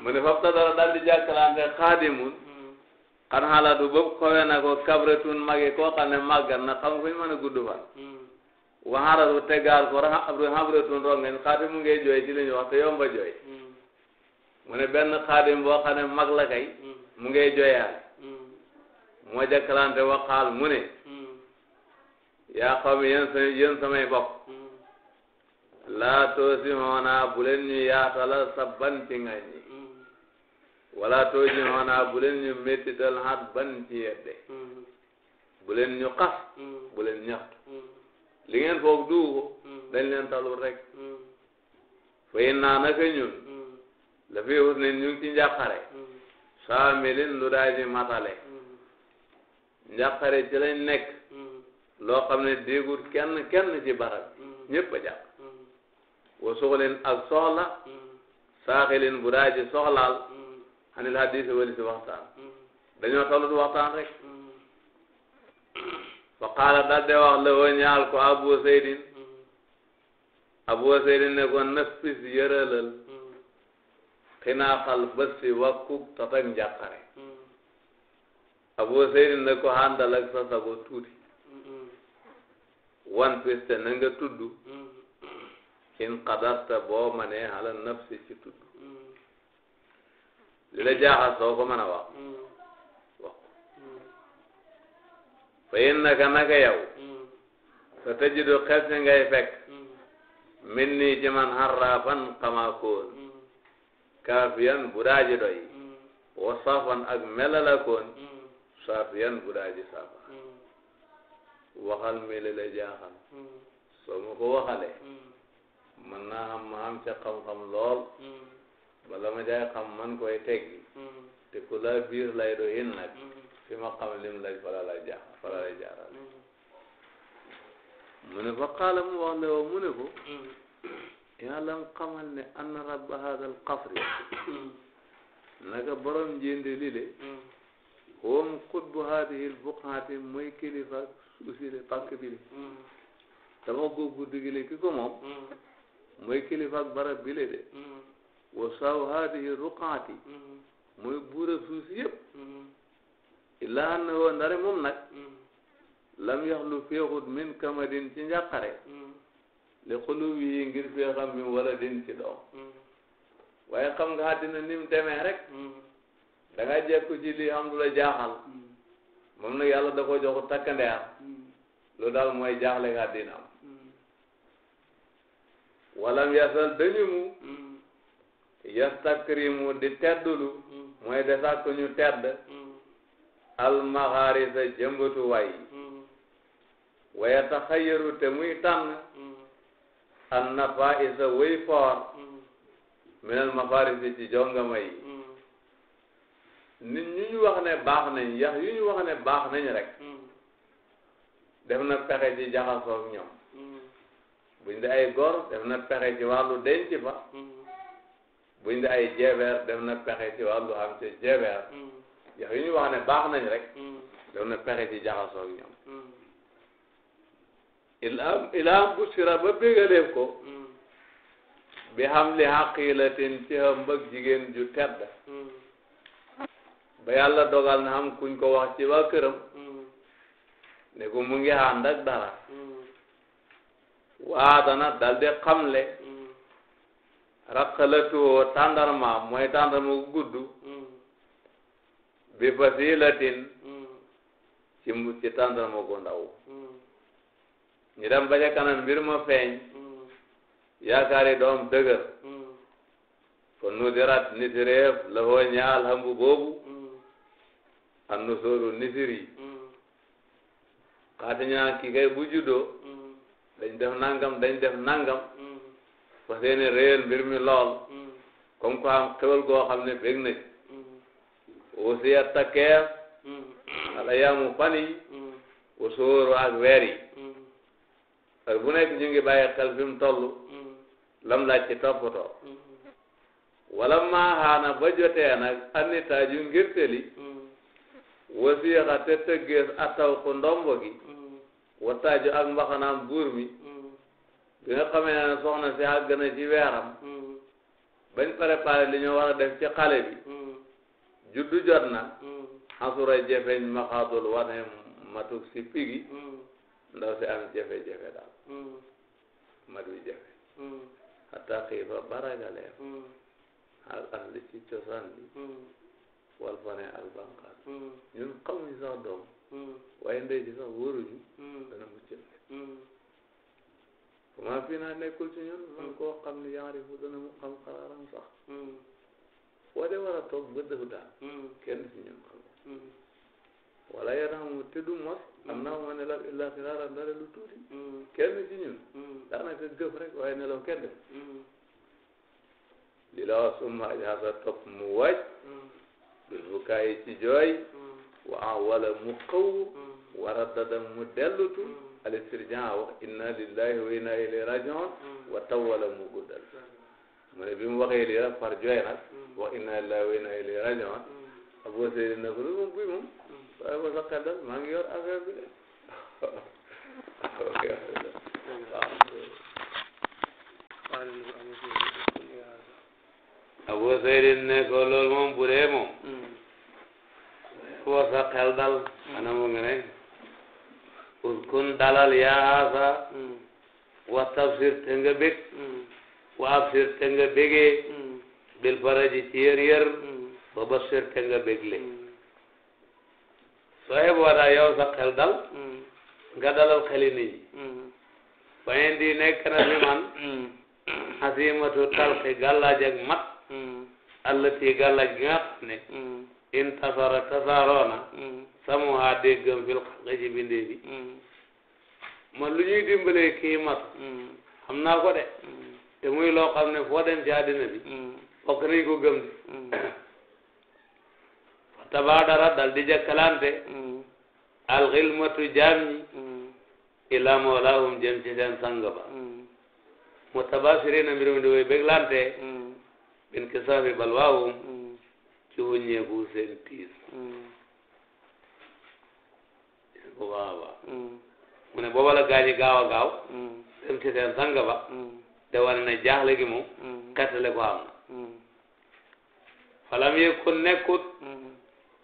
mu ne fabta dara dal di jàkkalante xaadimun xan xalaatu bopp xawee na ko kabratun magi koo xam ne màggat na xam kuñ mën a gudd fan hmm. waxarasu tegaal ko xabratun rongañ xaati mu ngay jooy ci li ñu wax te yomba jooy hmm. mu ne benn xaadim boo xam ne mag la kay hmm. mu ngay jooyaal moo jàkkalante waxaal mu ne yaa xawmi yéen sa yéen samay bopp laa toosi hoonaa bu leen ñu yaatala sa ban ci ngañ wala too ji noona bu leen ñu métti dal xat ban ci yedde mm-hmm. bu leen ñu xas mm-hmm. bu leen ñaxtu mm-hmm. li ngeen foog duu ko dañ leen talul rek fay naa naka ñun la fi xus ñu ci njàqare saa melin lu daa ji matale njàqare ci lañ nekk loo xam ne déegut kenn kenn ci barab ñépp a jàpp wa ak soxla saaxilin bu daa ji soxlaal xanil hadis wali si waxtaan hmm. dañoo rek hmm. fa qaala daal de wax la ko abu seydin hmm. abu seydin ne ko naffis yëralal xinaaxal bëssi wakkub tatak njàqare abu seydin ne ko àndal ak sa sago tuuti wan piste na nga tudd in qadarta boo manee ala nafsi ci li la jaaxal soo ko mën a wax wax fa innaka naka yow sa tajidu xel si ngay fekk min nii ci man harrafan xamaakoon kaafiyan budaaji doy wa safan ak melalakoon saafiyan budaaji safa waxal mi li jaaxal soo ma ko waxalee mën naa am ma am ca xam lool wala ma jaay xam man koy teggi mm-hmm. te ku biir lay do hin nag mm-hmm. fi ma xam lim lay fala lay jaaral mm-hmm. mu ne fa qaala mu wax ne mu ne ko yàlla xamal ne anna rabba hada al qasri borom njëndi lile woom xutbu haadihi l buqaati mooy kilifa suusile pàkk bi le tabax googu digile ki ko moom mooy kilifa barab bile de wa saaw haadihi ruqaati mooy buura suuf si yëpp na woo ndare moom nag lam yaxlu féexut min kamadin ci njàqare li xulub yi ngir féexam mi wala din ci doom waaye xam nga àddina ni mu demee rek da ji jekku ci lii am lu la jaaxal moom nag yàlla da ko jox takkandeer lu daal mooy jaaxle àddina am walam yasal dañu yastakrimu di teddulu mm-hmm. mooy de sàkk ñu tedd mm-hmm. almaxaari sa jëmbatu way mm-hmm. waya taxayaru te muy tànn an nafa isa way foor minal mafarisi ci jongama yi nit ñu ñu wax ne baax nañ yax yu ñu wax ne baax nañ rek def na pexe ji jaxasoog ñoom buñ de ay góor def na pexe ci wàllu denc ba buñ ne ay jeebeer def na pexe ci wàllu xam ci jeebeer mm. yow yi ñu wax ne baax nañ rek mm. def na pexe ci jaxasoo ak ñoom mm. ilaam ba bégaleef ko bi xam li xaqilatin ci xam mbëg jigéen ju tedd ba yàlla dogal na xam kuñ ko wax ci waa këram ne ko mu ngi ànd ak dara waa dana dal raqalatuwoo tàndarma mooy tàndarma gu gudd mm. bi fasilatin mm. ci mu tàndarma gu ndaw mm. ñu dem ba mbir ma feeñ yaakaari doom dëgër kon nu dirat nisireef la hoo ñaal hambu boobu an nu sóoru nisiri xaati ñaan ki kay bu juddoo def nangam dañ def nangam fa seeni mbir mi lool mm. comme ko am xewal goo xam ne bég na ci mm. wasiya takkeef mm. ala yaamu fan yi wasóoru ak weer yi heure bu nekk lam laaj ci toppatoo wala maaxaana ba jotee nag annitaaju ngirteli wasiya xa te tëggees ataw ko ndombo gi wataaju ak mbaxanaam buur mi bi nga xamee ne si àgg na ci weeram mm-hmm. bañ préparé li ñu war a def ci xale bi mm-hmm. juddu jot na xasura mm-hmm. jefeñ maxaadul wane matuk si pigi ndaw si am jafe-jafe daal mat wi jafe xataa xiifa baragaleen al ahli ci cosaan bi wal fane ak banqaat ñun xamuñ sax doom waaye ndey ji sax wóoruñu dana mucc comment fii naa nekkul ci ñun man koo xam ne yaari fu dana mu xam xaraaram sax foo de war a toog ba dëf kenn ci ñun xam wala yanamu te du mos am naa ma nelaw illa xiraaran dara lu kenn ci ñun daanaka gëf rek waaye nelaw kenn def li la wax summa ajasa mu waaj dul bu ci jooy wala mu xaw war a dada mu al istirjaa wax inna lillahi wa inna ilayhi rajiun tawala mu guddal mu ne bi mu waxee par jooy nag inna lillahi wa inna ilayhi rajiun Abu Seydi ne ko buy moom waaye ba sa dal maa ngi yor affaire bi de Abu Seydi ne ko loolu moom hmm. dal ana mu ngi uskun dalal yaa haasa wa tafsir bég wa absir te nga bégee faraji ci yër yër wa basir te nga bégle soo yeboo daa yow sa xel dal nga dalal xeli nit ñi nekk na fi man xasimatu talxi gàllaaj mat allati gàllaaj gi nga ne intasara tasaaroona mm. samuha déggam fil xalqi ci bindee bi mm. man lu ñuy dimbalee kii mat mm. xam naa ko de te muy ne foo dem ci àddina bi fokk nañ ko gëm de fa tabaadara dal di jàkkalante alxilmatu jaam ñi ila mawlaahum jëm ci seen sang ba mu tabaasirina mbirum di way béglante bin kisaafi balwaahum ci wuññeeku seen tiis a mu ne booba la gaañi gaaw a gaaw dem ci seen ba de wane ne jaaxle gi moom xettale ko am na falam yekun nekkut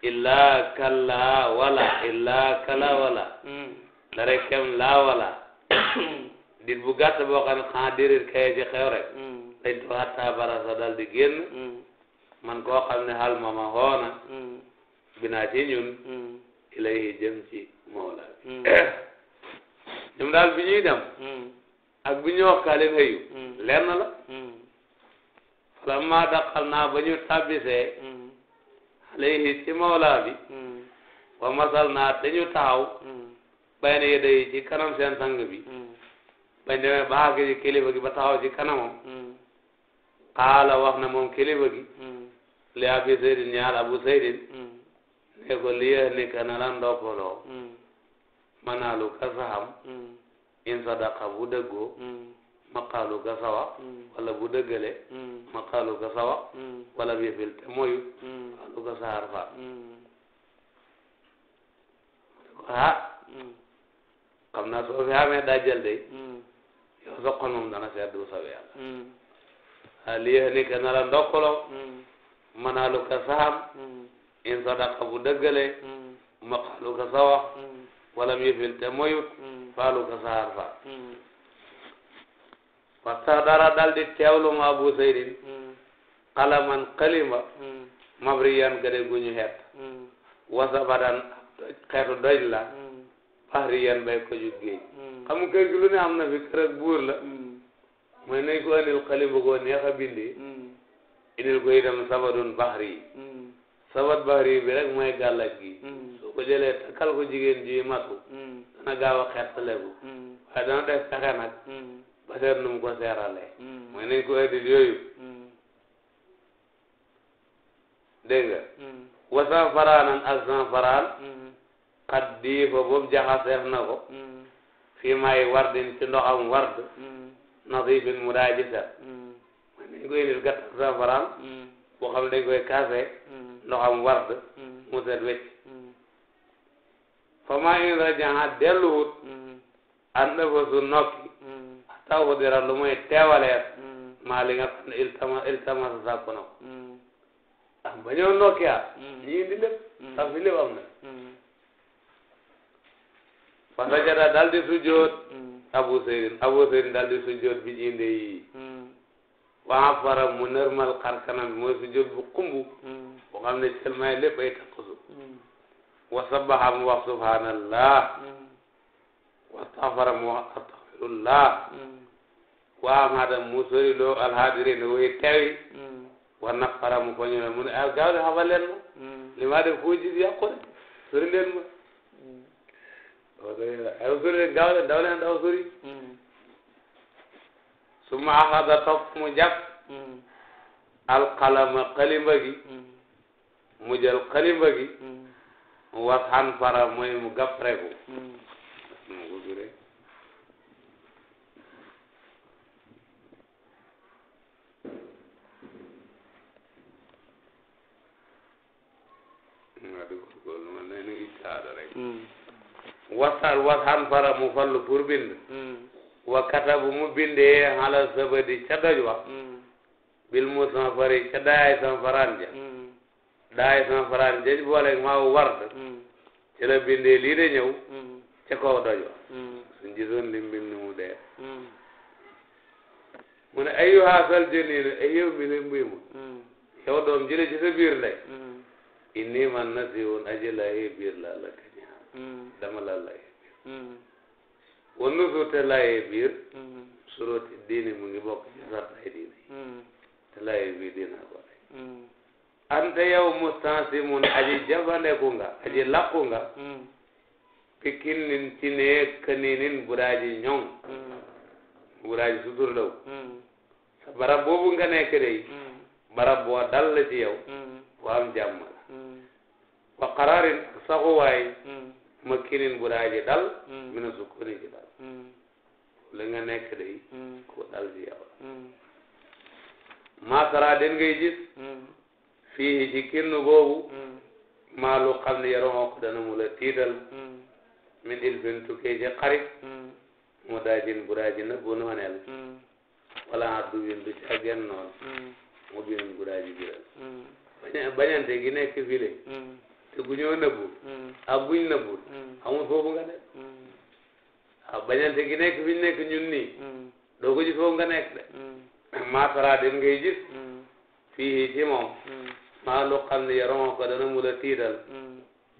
illaa kalla wala illaa kalla wala la kem laa wala dit bu gàtt boo xam ne xanaa dérir kaye xew rek dañ ko xattaa barasa dal génn man ko xam ne hal mama hoona mm. binaa ci ñun mm. ilayhi jëm ci mawla bi mm. ñoom bi ñuy ak bi ñu wakkaale xëyu leer na la falamma daqal naa ba ñu tabbisee alayhi ci mawla bi wa naa te ñu taxaw bayna yeday ci kanam seen sang bi bañ demee ba àgg ci kilifa gi ba taxaw ci kanamam wax na moom kilifa gi li abi seydin ñaar abu seydin ne ko li yéex ni kana la ndoppaloo manaalu ka saxam in sadaqa bu dëggoo maqaalu ka sawa wala bu dëggale maqaalu ka sawa wala bi fil te moyu qaalu ka saxar fa ah xam naa soo fi amee dajjal de yow sa xol moom dana seet du sawe yàlla ah li yéex ni kana la ndokkaloo manaalu ka saam mm. in sadaqa bu dëggale mm. maqaalu ka sa mm. wax walam yëfil te moyut faalu ka saar fa wasta dara dal di teewlu ma abu seydin qalaman kalima mabriyan gade guñu xeet wasabadan xeetu doj la bahriyan bay ko ju géej xam nga kër gi ne am na fi kër ak buur la mooy nañ ko andil xalim ko neex a bindi indil ko itam sabadun bahri hmm. sabat bahri bi rek mooy gàllak gi hmm. soo ko jëlee takkal ko jigéen ji matu hmm. dana gaaw a xettale ko waaye def fexe nag ba seet nu mu ko seerale mooy nañ ko indil yooyu dégg nga wa san faraanan ak san faraan na ko fii may wardin ci ndoxam ward nasibin mu daa ji dañ koy indil gàtt safaraam hmm. boo xam ne hmm. ward hmm. mu set wecc fa maa in rajaha delluwut an nafasu nokki taw ko dira lu muy teewaleer maa li nga xam ne iltama iltama sa sàkku na ko ah ba ñëw nokki ah ñu na fa sajada daal di sujjoot abu seyrin abu bi ñu indee yii waa bara mu normal xar kanam bi mooy jot bu kumbu hmm. boo xam ne seulement lépp ay taqasu hmm. wa sabaha mu wax subhanallah hmm. wa astaghfara mu wax astaghfirullah wa amada mu sori loo alhaadiri ne woy tewi wa nafara mu koñu ne mu ne a ah gaaw de xamal leen li ma def foo gis yàqu de sori leen ma aw sori leen gaaw de daw daw sori su ma axada topp mu jàpp mm. alxalama xalimba gi mm. mu jël xalimba gi mu mm. was xan para mooy mu fallu pour bind wakkata bu mu bindee ala sabadi ca doj mm. bil mu sanfari ca daay sanfaraan ja mm. daay sanfaraan ja boole maaw ward mm. ci la bindee lii de ñëw ca kaw doj wa suñ gisoon lim bind mu dee mu ne ay yuhaasal jëniinu ay yow mi ne mbuy ma yow doom jële ci sa biir ndey inni man nasiwun aji laa yee biir laa la kañaan dama laa la yee wannu suute laayee biir suróoti diini mu ngi bokk ci sartay diine yi te laayee biir diina ko rek ante yow mustansimun aji jabaneku nga aji lakku nga pikin nin ci nee kaninin buraaji ñoŋ buraaji sutur law sa barab boobu nga nekk day barab boo dal la ci yow boo am jàmm la wa qararin saxuwaay makinin buraaji dal mina sukkuni ci la nga nekk day hmm. ku dal ci yow hmm. maa tara den ngay gis hmm. fii ci kenn boobu maa lu xam ne mu la tiital min il bin tukkee ci xarit mu daajin bu daajin bu nooneel wala addu win du ca genn noon mu bin bu daaji biral bañante gi nekk file te gu ñëw nëbbul ak guñ nëbbul amul foofu nga def waaw bañante gi nekk fi ñu nekk ñun mm. nga nekk de mm. maa tara den ngay mm. ci moom maa lu xam ne yarama ko dana mu la tiital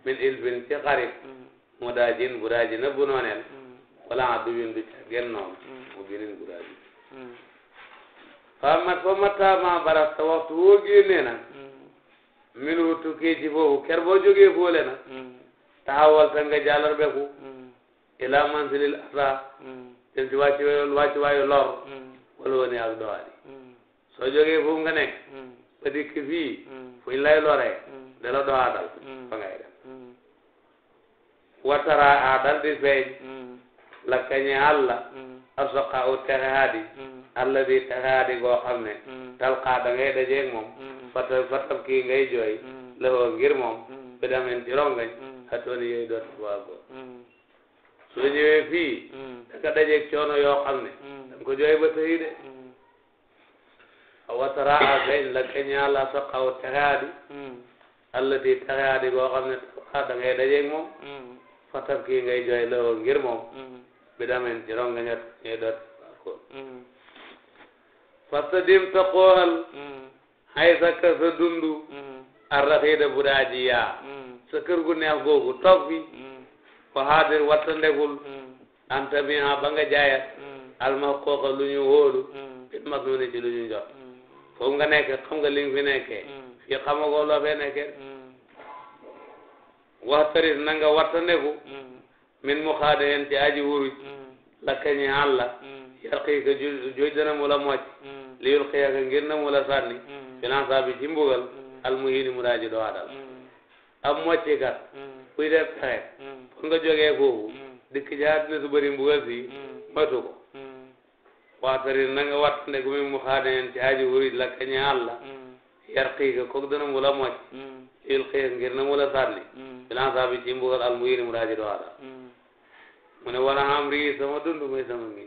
ci xarit mu jin bu daa ji na bu nooneel wala addu win du gen noom mu binin bu ji fa mat fa matta ma baras waxtu woo génnee na min wu tukkee ci foofu ker boo jógee foole na taxawal ta nga jàllar beku ila manzilil asra jëm ci wàcc wàcc waayu lor mm. wala woon ak dowaadi mm. soo jógee foofu nga nekk mm. ba dikk fii fu ñu lay loree da la dowaadal fa ngay dem watara a dal di feeñ la kañe àlla asoqa u texe haadi àlla bi texe haadi goo xam ne talqaa da ngay dajeeg moom fatab fatab kii ngay jooy la woo ngir moom bi damen ci rongañ xatooni yooyu doot waa su ñëwee fii. Mm. da nga dajeeg coono yoo xam ne. Mm. ko jooy ba tey de. Mm. awatara a feeñ la keñaa la soq aw texaadi. allati texaadi boo xam ne ah, da ngay dajeeg moom. fatab kii ngay jooy loo ngir moom. bi damen ci ronga ñett ñuy doot ko. fasta dim ta xooxal. hay sa kër sa dundu. arraxiida bu daa ji yaa. sa kër gu neex googu toog bi. fahaadir wattandegul hmm. anta bi ha ba nga jaayat hmm. alma kooka lu ñu wóolu bit hmm. mas ci lu ñu jot foofu nga nekk xam nga li nga fi nekkee fii xamagoo loo fee nekkee waxtaris na nga wattandeku min mu xaadayen ci aji wuruj lakka ñi àl la yarqii ka jooj dana mu la mocc liyul xiya ka ngir na mu la sànni finance bi ci mbugal al muhini mu daaji doo adal am moccikat kuy def pexe su nga jógee foofu mm. dikk jaar ne su bëri mbugal si mm. matu ko mm. waatari na nga wat ne gumi mu xaadeen ci aji wurit la ka ñaal la yar xii ka kook dana mu la mocc il xii ngir na mu la sànni bilan saa bi ci mbugal al mu yiri mu raaji doxala mu ne wala am rii sama dund mooy sama ngi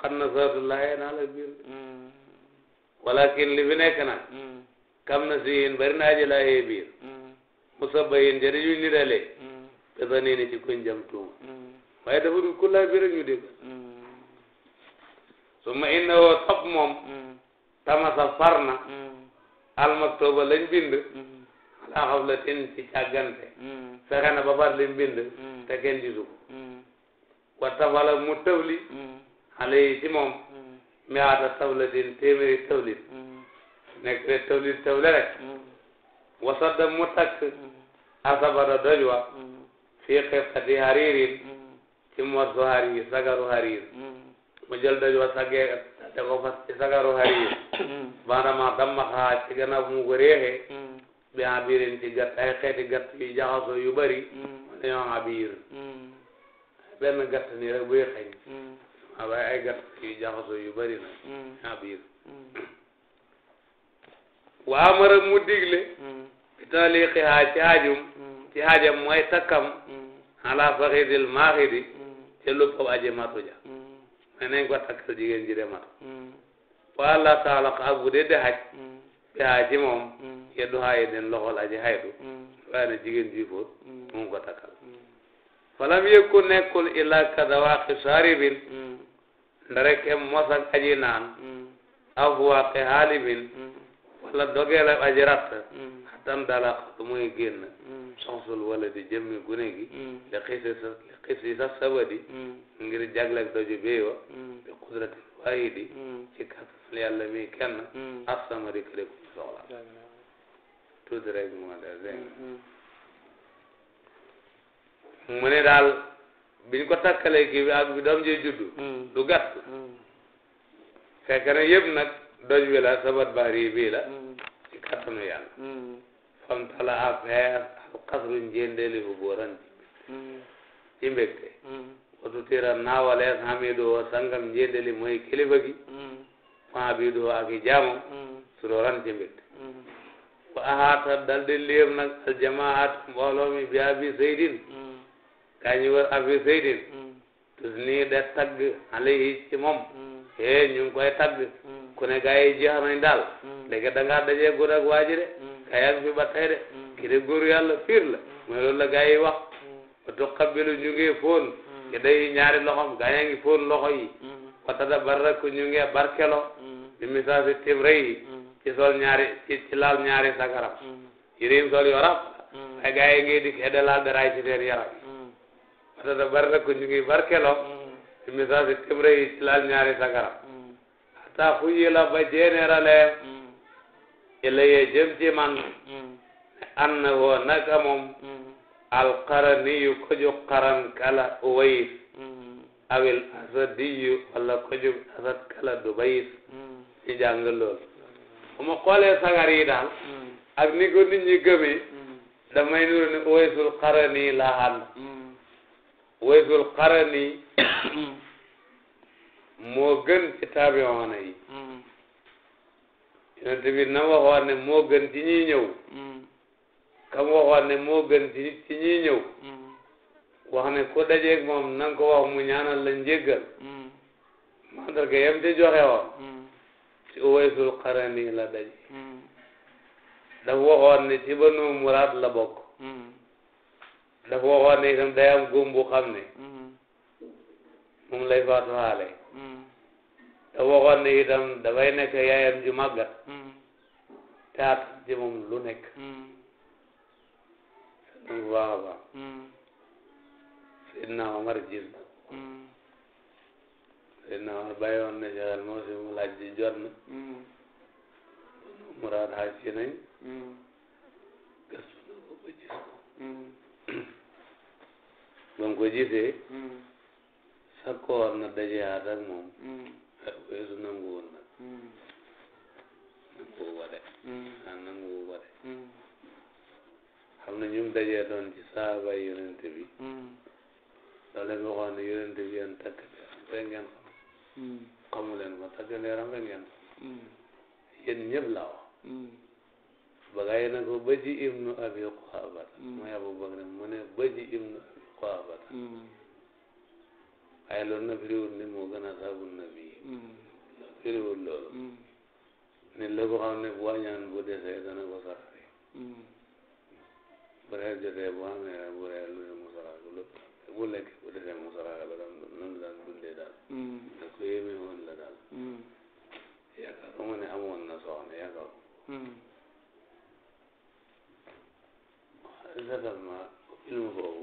xam na sootu laaye naa la biir walakin li fi nekk nag kam na si yéen bari naa ji laayee biir musabba yéen jëriñu nirale dafa nee ni ci kuñ jam tuuma mm. waaye dafa dul kullaa bi rek ñu dégg mm. su ma inna woo topp moom mm. tamasa far na almaktuba lañ bind alaa xaflatin ci càggante fexe na ba far liñ bind te kenn gisu ko wa tafala mu tawli xale yi moom mi aata tawlatin téeméeri tawlit nekk de tawlit tawle rek wasada mu takk asabada doj wa fii xibxati hariirin ci mosu hariir sagaru hariir mu jël doj wa sagee te ko fas ci sagaru hariir baanama dammaxaa ci gannaaw bu mu ko réexee bi abirin ci gàtt ay xeeti gàtt yu jaxasoo yu bëri dañoo abir benn gàtt nii rek buy xeñ waaye ay gàtt yu jaxasoo yu bëri na abir waa mara mu digle bi taliqihaa ci ajum ci haajam mooy takkam ala faxidil maaxidi ca luppam aji matu ja mais mm. nañ ko de matu mm. wala taalaq ak de haj mm. bi haa ji moom yeddu haa yedden loxol aji haydu waaye na jigéen ji fóot moom ko takkal falam yëkku nekkul illa kadawaqi saribin ndarek em mosak aji naan afwaaqi haalibin wala dogeelab aji ratt tandalax du muy génn soxsul wala di jëmmi gune gi li mm. xisi sa li sa sabadi mm. ngir jagleeg doju béewa bi mm. qudratil waahidi ci kattan yàlla mi kenn assamari kële ku mu soxla tuuti rek mu de dégg mu ne daal biñ ko takkalee kii bi ak bi doom ji juddu du gàtt fekk na yëpp nag doj la sabat baari bii la ci kattanu comme talaa feer alxasru njéndéeli fu booran ci mm. mbégte mm. watu tiiram naa walees hamidu wa sangam njéndéeli mooy kilifa gi maa mm. bidu ak i jaamam suroran ci mbégte wa ahaata dal di léem nag aljamaat mbooloo mi bi abi seydin gaa ñu abi seydin tus nii de tagg alayhi ci moom hee ñu tagg ku gaa yi jeex nañ daal léegi da ngaa dajee waaji de kayak bi ba tey de mm. ki de góor yàlla piir la mm. mooy loolu la gars yi wax wa mm. tuqabbilu ñu ngi fóon ki day ñaari loxom gaa yaa ngi fóon loxo yi wa tadabarraku ñu ngi barkelo bi misaafi tibre yi ci sol ñaari ci ci laal ñaari sakaram yërim sol yoraf ay gars yi ngi dik edda laal daraay ci seen yaram wa tadabarraku ñu ngi barkelo bi misaafi tibre yi ci laal ñaari sakaram hatta fu yi la jenerale ilayya jëm ci man mm. anna woo naka moom mm. alqaraniyu koju qaran kala uways mm. awil asadiyu wala koju asad kala dubays ci jàng lool bu ma sagar yi daal ak ni ko nit ñi gëmee damay nuru ne uwaysul qarani laa ànd uwaysul qarani moo gën ci taabiyoona yi yonent bi na waxoon ne moo gën ci ñuy ñëw mm. kam waxoon ne moo gën ci ci ñuy ñëw mm. wax ne ku dajeeg moom na nga ko wax mu ñaanal la njéggal mm. mandarga yam ci joxe woon ci Uwaysul Qarani la daj dafa waxoon ne ci Banu Muraad la bokk dafa waxoon ne itam day am ne moom lay faatu xaale dafa waxoon ne itam dafay nekk yaayam ju màggat taat ji moom lu nekk sëñ bu baax a baax Seydina Omar jil Seydina Omar bàyyi woon na jaxal moo si mu laaj ji jot na muraad xaaj ci nañ gëstu na ko ba gis ko ba mu ko gisee sakkoor na dajeyaat ak moom weesu nanguwul nag nanguwu ko de xanaa nangu ko de xam na ñu mu dajee doon ci saaba yi yonent bi loolu hmm. leen waxoon ne yonent bi yéen takk leeram ngeen xam hmm. xamu leen ma takk leeram ngeen xam hmm. yéen ñëpp la wax bagaay na ko baji ibnu abi quhabata mooy abu bakr mu ne baji ibnu abi quhabata waaye loolu na firiwul ni moo gën a saabu nabi firiwul loolu nit mm. mm. mm. la ko xam ne bu wàññaan bu desee dana ko saraxe bu reer jotee bu amee bu reer lu ne mu saraxe bu lekk bu desee mu saraxe la daan noonu daan daal da ko yéeme woon la daal yaakaar ko mu ne amoon na soxna yaakaar ko exactement ilmu boobu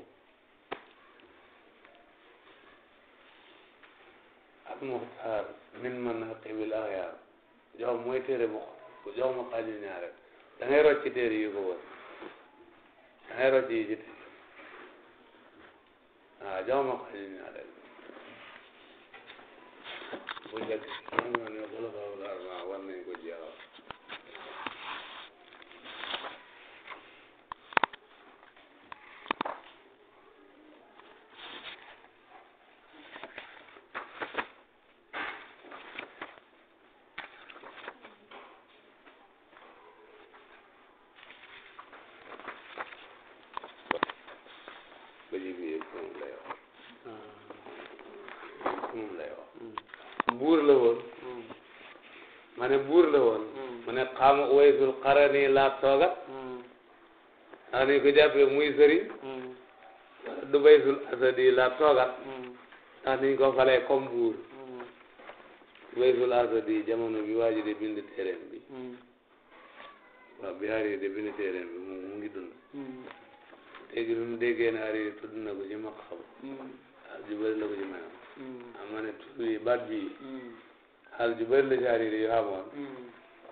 ak muxtaar min manaqibil axyaar ku jox mooy téere bu ku jox mu xaaju ñaare da ngay rocci téere yu ko wër da ngay ma ne buur la woon hmm. mu ne xaama Uwaysul Qarani laa tooga ndax hmm. ni ko jàppee muy sëriñ hmm. Dubaysul Asadi laa tooga ndax niñ ko falee comme buur Dubaysul Asadi jamono bi waa ji bi waaw de bind téeréem bi moom mu ngi dund léegi bi mu déggee ne Hariri tudd na ko ci maqam ah jubal na ko ci maanaam ama ne tudd yi baat bi xaal ju bëri la jaariri yu xamoon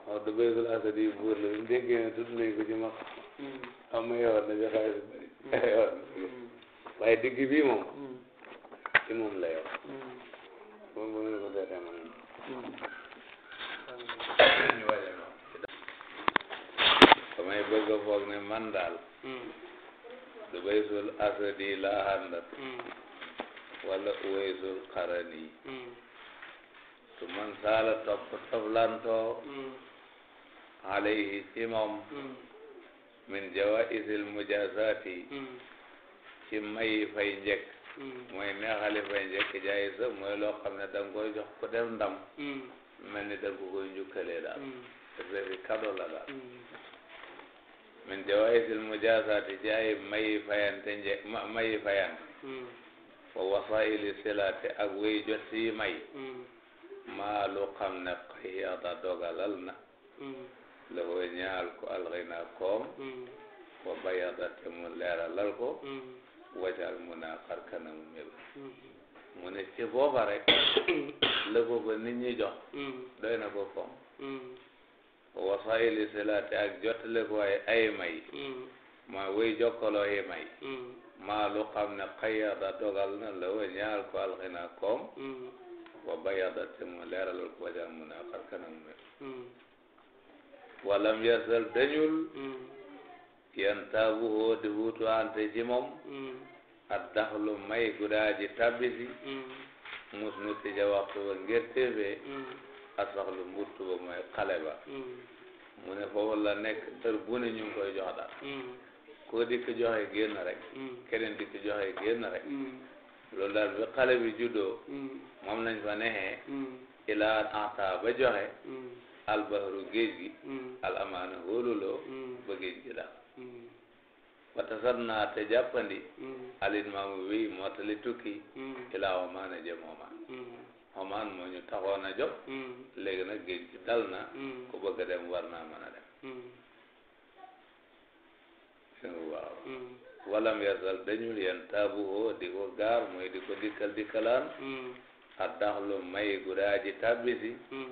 moo du baytul asad yi hmm. buur la bi mu déggee ne tudd nañ ko ci ma xam hmm. ma yowoon na joxaay su bëri yowoon waaye digg bii moom hmm. ci moom la yow moom bu mu ko seetee man ñu waje ko damay bëgg a foog ne man daal du baytul asad yi laa àndat wala uwaysul xaran yi su man saala topp soblantoo mm. alayhi mm. mm. ci moom min jawaisil mujazati ci mayi fay njëkk mooy neexali fay njëkk jaay sa mooy loo xam ne danga koy jox ku def ndam mel ni danga koy njukkalee daal refi kado la daal min jawaisil mujazati ci ay mayi fayante njëkk mayi fayante fa wasaili silate ak wéy jot si may maa lu xam ne xiyada dogalal na mm. la ko ñaal ko alxina koom mm. wa bayada te mu leeralal ko mm. mu naa xar kanam mel mu ne ci booba rek la ko ba nit ñi jox doy na ko koom wasaili silaate ak jottale ko ay ay may ma way jokkaloo yi may maa lu xam ne xiyada dogal na la ko ñaal ko alxina wa bayadat te mu leeralal ko wajal mu ne hmm. dañul hmm. yan taabu hoo di ante ji moom hmm. ak daxlu may gudaa ji tabbisi mus nu tija waxtu ba ngir téefee mbuttu ba mooy xale ba mu ne foofu la nekk heure bu ne koy jox daal koo dikk joxe génn rek keneen dikk joxe génn rek loolu daal bi xale bi juddoo mm. moom lañ fa nexee mm. ilaa anta ba joxe mm. albahru géej gi al amaana hóoluloo ba géej gi daal wata sanna te jàppandi alin maamu wéy mottali tukki ilaa omaana jëm omaan omaan moo ñu taxoon a jóg léegi nag géej gi dal na ku bëgg dem war naa dem waaw walam yasal dañul yen taabuhoo di ko gaar mooy di ko dikkal dikkalaan hmm. a daxlu may gudaaji tabbisi hmm.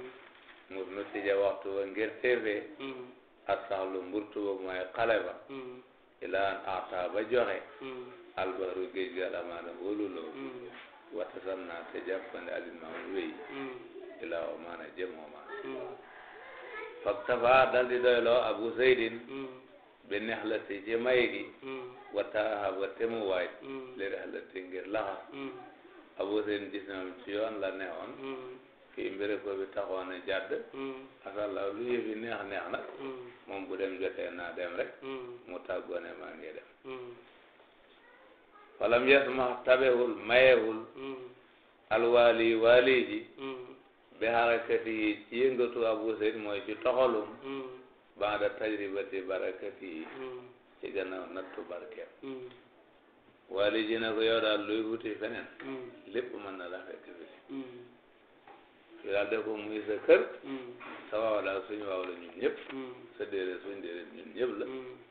mus nu tija waxtu ba ngir teefee hmm. a saxlu mburtu ba mooy xale ba ilaan ata ba joxe albaru géej gi alamaana wóoluloo wata sam naa te jàppande alimaam wéy ilaa omaana jëm omaan faktafa dal di doyloo abu zeydin bi neex la si ci may mm. gi wataa ba te mu waaj mm. li rex la te ngir laxas mm. abu seen gis na ci yoon la neexoon fii mbiri ko bi taxoon a jàdd asalaw lu yëfi neex neex nag moom bu dem jotee naa dem rek mu tàggoone maa ngi dem falam yasma tabewul mayewul alwaali waali ji bi xarakati yi ci yëngatu abu seen mooy ci toxalum baada tajribati barakati yi ci gannaaw nattu barke waali ji ne ko yow daal luy wuti feneen lépp mën na laa fekk fi yow daal def ko muy sa kër sa waaw daal suñu waaw la ñun ñëpp sa déere suñ déere ñun ñëpp la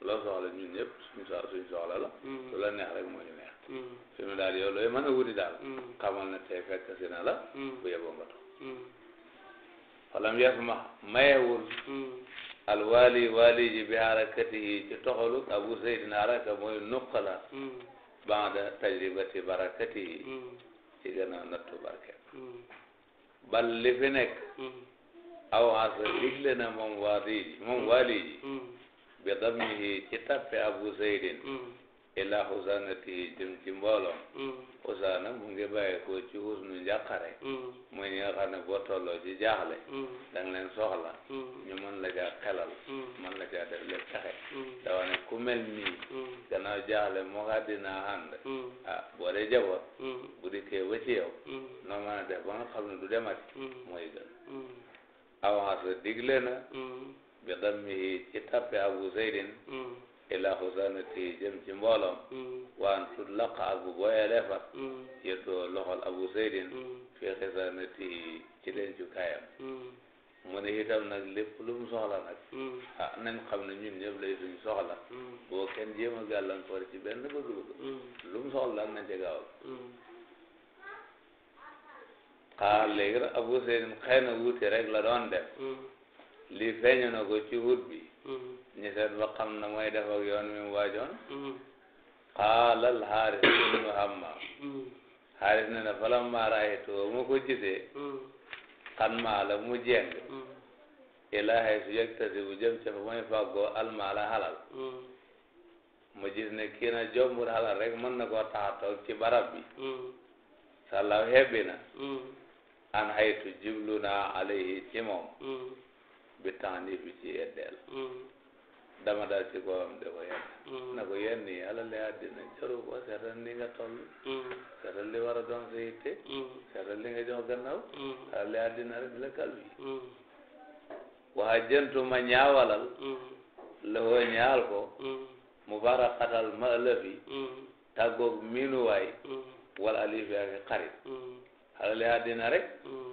loo soxla ñun ñëpp suñ soxla suñ soxla la la neex rek moo ñu neex fi mu daal yow looy mën a wuti daal xamal ne tey fekk si la bu yeboo nga toog falam yasma mayewul alwaali waali ji bi harakatihi ci toxalu abu zaydin haraka mooy nuqala banda tajribati barakatihi ci gannaaw nattu barke bal li aw asa digle moom waali ji moom waali ji bi dammihi ci tappe abu zaydin ila husanatihi jëm ci usaana mu ngi bàyyeekoo ci husnu njàqare mm. mooy ñi nga xam ne boo tolloo ci jaaxle mm. da nga leen soxla mm. mën la caa xelal man la caa def lépp pexe dafa ne ku mel nii gannaaw jaaxle moo kaa dinaa ànd ah boo bu dikkee ba ci yow noo mën a def ba nga xam ne du demati mooy gën avance digle na bi dammihi ci tappe abu zeydin ila husanati jëm ci mbooloom mm. waan tutlaqa ak bu boyalee fat mm. yeddoo loxol abu zaydin mm. fi xisanati ci dencukaayam mu ne itam nag lépp lu mu soxla nag ah nañ xam ne ñu ñëpp lay suñ soxla boo kenn jéem a gàllankoor ci benn bëgg-bëgg lu mu soxla nañ ca gaaw xaar léegi abu zaydin xëy na wuute rek la doon def lii feeñu na ko ci wut bi ñu seet ba xam na mooy def yoon mi mu waajoon qaala mm-hmm. al Haaris ibnu Hammaam mm-hmm. Haaris ne na falammaa raaytu mu ko gisee mm-hmm. xan maa mu jeng ilaahay su yegtasi bu jëm ca fa mooy fàggoo almaala halal mu gis ne kii na jombul halal rek mën na koo taxa toog ci barab bi salaw hebbi na an haytu jiblu naa alayhi ci moom bi tax ni fi ci yeddeel dama daal ci kawam de ko yenn mm. na ko yenn yi alal àddina jaru ko seetal ni nga mm. li war a doon sa yitte mm. seetal li nga jox gannaaw alal la kalbi waa jëntuma ñaawalal la ko ko mubarakatal ma ëllëfi tàggoog miinuwaay wala alif yaa ngi xarit rek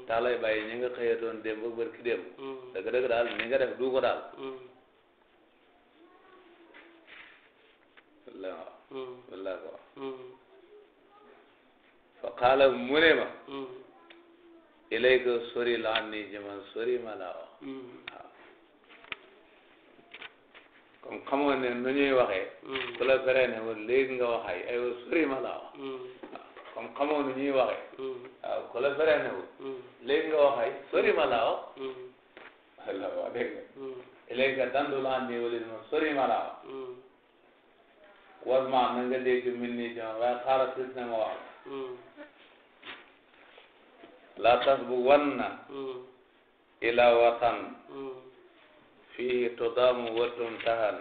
tax lay bàyyi ñi nga xëyatoon démb ak bërki démb dëgg-dëgg daal ni nga la nga wax loolu laa ko wax fa qaala mu ne ma mm. ilayka sori la an nii ci man sori ma laa mm. wax waaw comme xamoon ne nu ñuy waxee mm. ku la fere ne woon léegi nga wax ay aywa sori ma laa wax waaw comme xamoon nu ñuy waxee waaw ku la fere ne woon léegi nga wax ay sori ma laa wax la wax dégg nga ilayka dandu la an nii wala ma sori ma laa wax war ma na nga dégg min nii ci ma waaye xaaral sis ne ma wax hmm. la tas bu wanna hmm. ila watan hmm. fihi tudamu watum tahan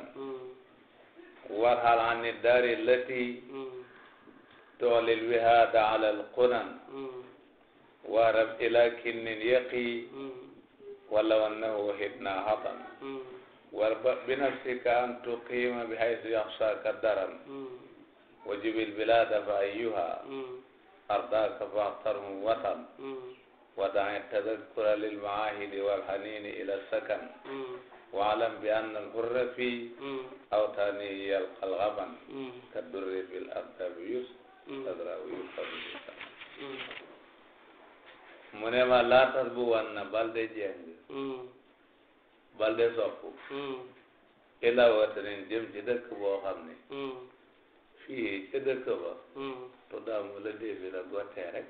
warhal an iddaari lati toolil wihaada ala alqunan warab ila kinnin yaqi walaw annahu hidna hatan warba bi nafsika an tuqima bi haysu yaxsaka daran mm. wajibil bilada fa ayyuha mm. ardaka faxtarhum watan ودع التذكر للمعاهد والحنين إلى السكن واعلم بأن الحر في أوطانه يلقى الغبن كالدر في الأرض يسر تدرى ويقب mu ne ma laatas bu wan na balde jeng mm. balde soppu ilaa hmm. watanin jëm ci dëkk boo xam ne hmm. fii ca dëkk ba hmm. to daamu la la gottee rek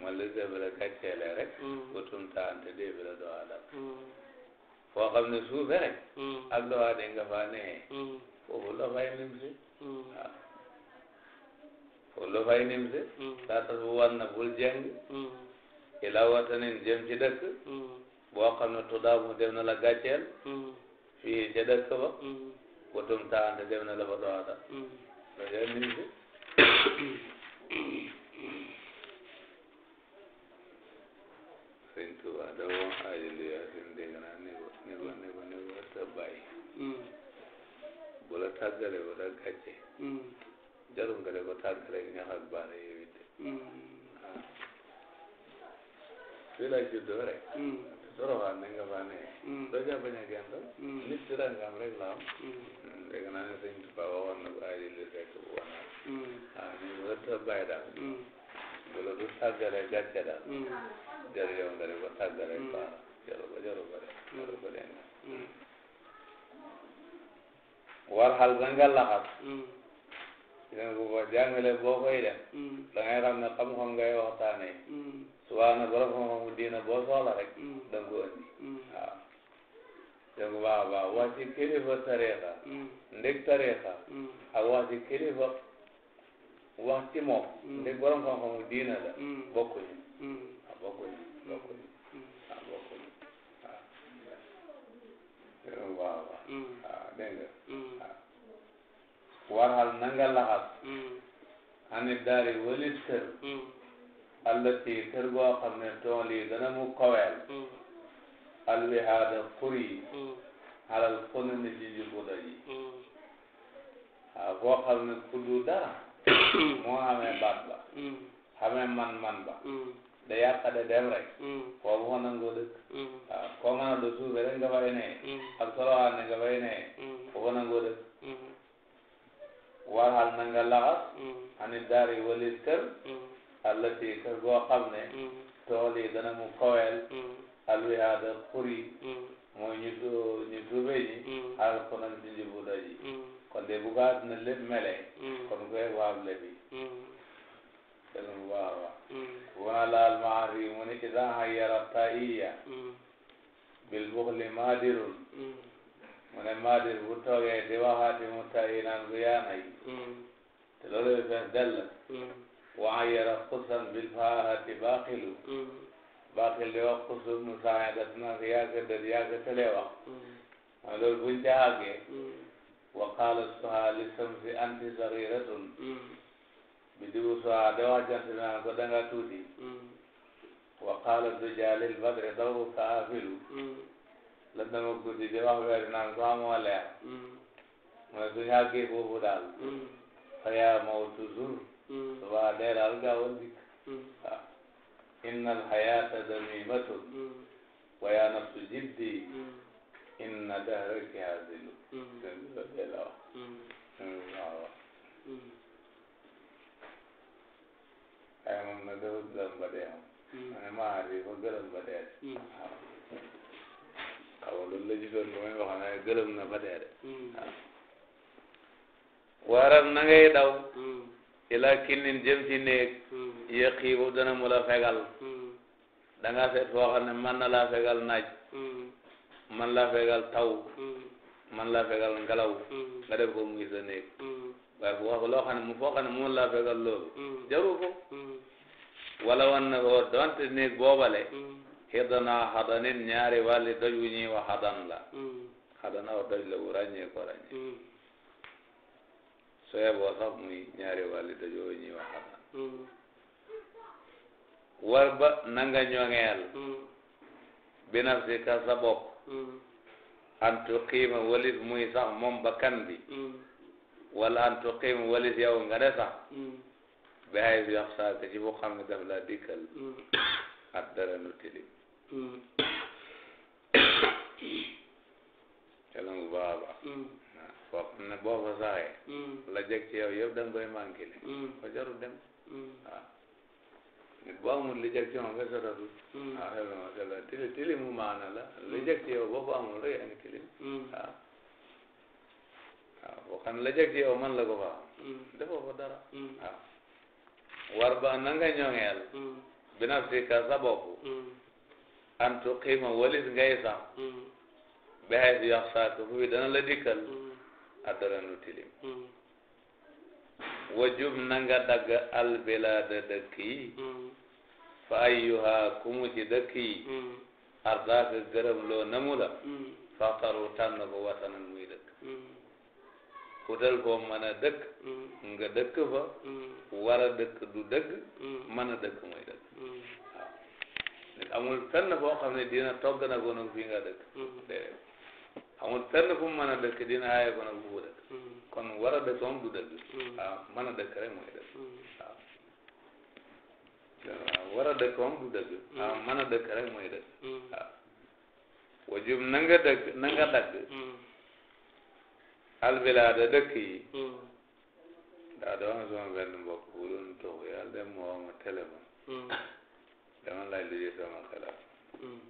la déebi la gàcceele rek wutum taante déebi la doo adam foo xam ne suufe rek ak doo ade nga faa la fay nim si waaw foofu la fay nim si daa tax bu wan na bul jeng ilaa watanin jëm ci dëkk boo xam ne tudaamu dem na la gàcceel mm. fii ca dëkk ba mm. watum taante dem na la fa doxata mm. loolu nit ñi sëñ Tuba dafa wax aajo li Yaasin dégg naa ne ko ne ko ne ko ne ko sa bàyyi bu la tàggale bu la gàcce jarul nga de ko tàggale ñax ak baara yow it fii laa juddoo rek dorobaan ne nga baa nekk doo ca bañ a gënt nit ci daan nga am rek la am dégg naa ne sëñ Tuba waxoon na ko aji li fekk bu wanaat ah ñu ko ta bàyyi daal bu la du tàggale gàcce daal jaru yow nga ne ko tàggale baa jaru ba jaru ba jaru ba leen war xal sa nga laxas dinañ ko boo jàngale boo koy def. da ngay xam ne xam-xam ngay waxtaanee. subaa na borom xam-xamu diina boo soxla rek. da nga ko andi. waaw dégg nga baax a baax wax ci kilifa tariqa. ndeg tariqa. ak wax ci kilifa wax ci moom. ndeg borom xam-xamu diina la. bokkuñu. waaw bokkuñu bokkuñu waaw bokkuñu waaw. dégg nga baax a baax. waaw dégg nga. waral na nga laxas hmm. amit daari walit kër hmm. allati kër goo xam ne tool yi dana mu koweel hmm. alwihaada xur yi alal fona ni ji ji buda ji waaw boo xam ne ku du dara moo xamee baat ba xamee man-man ba da yàqa de dem ko nangoo dëkk waaw koo mën a do suufe rek nga fay nee ak solowaane nga fay nee foofu nangoo dëkk warxal na nga laxas xanit mm. daar walis kër mm. allati kër goo xam ne mm. tool yi dana mu koweel alwihaada xur yi mooy ñu ñu dube ñi xaal konan ci njubuda ji kon de bu ko àdduna mele kon koy waab lebi kenn bu baax a baax laal maari mu ne idan xayara taiya bil buxli maadirun mu ne Maadir bu toogee di waxaati mu tayi naan gu yaa ay hmm. te loolu yu dell hmm. wa ayyara xusan bil faahati baaqilu hmm. baaqil di wax xusu nu saaya das na yaa ka dëd yaa ka tële wax ma loolu buñ ca àggee wa qaala suha li samsi anti sagiratun bi dibu suha da wax jant bi naan ko danga tuuti wa qaala dujalil badri daw ka afilu lëndama guddi di wax weer naan ko amoo leer mooy suñu àggee foofu daal xayaa moo toujours subaa dee daal gaawal dikk waaw inna alxayaata damimatun wa mm. yaa nafsu jiddi mm. inna dahraki hazilu mm. dee la wax waaw waaw waaye moom nag dafa gërëm ba dee moom ma ne maa di fa gërëm ba dee waaw la gisoon lu may gëlëm na ba dee de hmm. waaw waaral na ngay daw hmm. ilaa kinnin jëm ci néeg hmm. yëqii boobu dana mu la fegal da nga seet man na la fegal naaj man laa fegal taw man laa fegal ngelaw nga def ko muy sa néeg waaye bu wax loo xam mu foo fegal loolu jaru wala wan na ko boobale xidana xadanin ñaari wàlli doj wu ñuy wax xadan la xadana wa doj la wu ràññee ko ràññee soye boo sax muy ñaari wàlli doj wu ñuy wax xadan war ba na nga ñoŋeel binaf si ka sa bopp antu xiima walis muy sax moom bakkan bi wala antu xiima walis yow nga de sax bi hay yox saaka ci bu xam ne daf dikkal ak nu tilim calangu baax a baax mm. ne boo fa saxee mm. la jeg ci yow yëpp da nga koy manqué le mm. ko jarul dem waaw ah. nit boo amul li jeg ci ah, tili tili mu maana la li jeg ci yow boo ko amul ngi tilim waaw ah. waaw foo xam ne la jeg man la ko fa am defoo fa dara waaw war ba na nga ñoŋeel sa bopp an tuqima walis ngay sam bi hay fu bi dana la dikkal mm. addana nu tilim mm. wajub na nga dagg al bilaada dëkk yi mm. fa ayyuha kumu ci dëkk yi ardaaka gërëm loo namu la faxtaru tànn ko watanan muy dëkk utal ko mën a dëkk nga dëkk fa war dëkk du dëkk mën a dëkk muy dëkk amul fenn foo xam ne dina togg na ko nag fii nga dëkk mm-hmm. déedéet amul fenn fu mu mën a dëkk dina aaye ko nag bu ko dëkk mm-hmm. kon war a dëkk moom du dëkk mm-hmm. mën a dëkk rek mooy dëkk waaw war a dëkk moom du dëkk waaw mën a dëkk rek mooy dëkk waaw wajub na nga dëkk na nga dagg albilaada dëkk yi daa doon sama benn mbokk bu doon toog yàlla dem moo ma téléphone dama laaj lu ji sama xalaat hmm.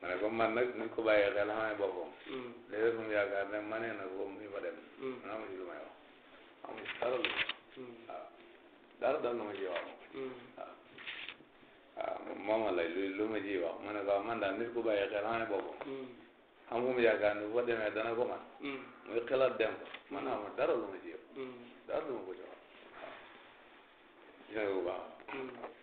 ma ne ko man nag ni ko bàyyee xel xamee boppam hmm. léegi mu yaakaar ne ma nee na ko mu fa dem hmm. man amuñu lu may wax amuñu dara lu waaw dara dal lu ma ji wax waaw waaw moom a laaj lu ma ji wax ma ne ko man daal nit ku bàyyee xel xamee boppam xam fu mu yaakaar ne bu fa demee dana ko man muy xalaat dem ko man amul dara lu ma ji wax dara lu ma ko jox waaw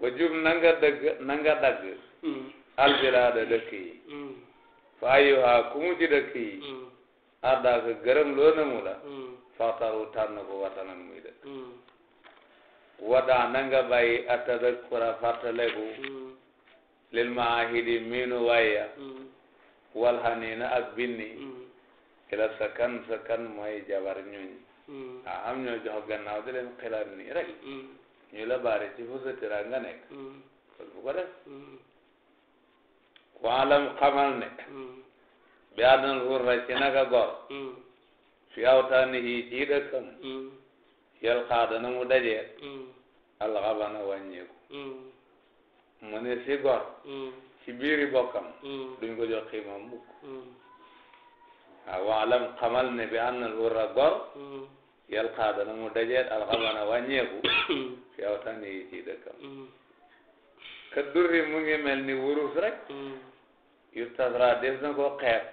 wajub na nga dëgg nanga nga dagg mm. albilaada dëkk yi mm. fa ayyuha ku mu dëkk yi mm. addaaka gërëm loo na mu la faxtaru ko watanan muy dëkk wadaa na nga bàyyi atadakkura fàttaleku lil maahidi miinu waya walhanina ak binni ila sakan sakan mooy jabar ñooñ a am ñoo jox gannaaw di leen xilaat nii rek ñuy la baari ci fu sa tira nga nekk mm. kon bu ko def waalam xamal ne bi àdduna hurra ci naka gor fi awtaani hi ci dëkkam mm. yal xaada na mu dajee alxabana wàññeeku mu ne si gor ci biiri bokkam duñ ko jox xiimam mukk waaw waalam xamal ne bi àdduna hurra gor yal xaa dana mu dajeet mm. alxamana wàññeeku fi awtaani yi ci dëkkam mm. ka durri mu ngi mel ni wurus rek mm. yu tasra def na ko xeeb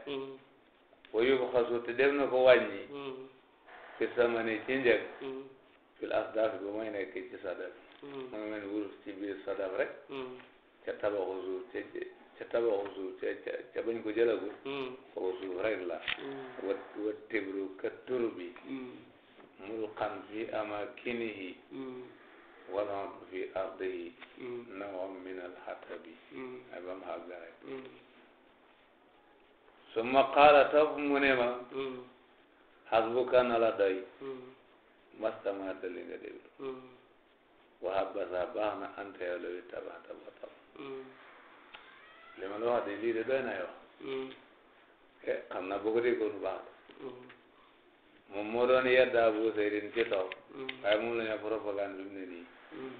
wa yóbbu xasu te def na ko wàññi fi samani ci njëg fil asdaf bu may nekk ci sadaf mu ngi mel ni wurus ci biir sadaf rek ca tabaxu suuf ca ca tabaxu ca ca bañ ko jëlagul foofu rek la wat wat tibru ka bi mulqan fi amakinihi mm. wala fi ardihi mm. nawam min alxatabi mm. ay ba mu xàgg rek summa qaala taf mu ne ma xasbuka na la doy mastama dali nga déglu waxabasa baax na ante yow la wi tabaata ba tam li ma la de lii na yow eh, xam na boo ko déggoon moom moo doon yedd Abu Seydin ci toog mm. waaye moom la ñu propagande mu ne nii mm.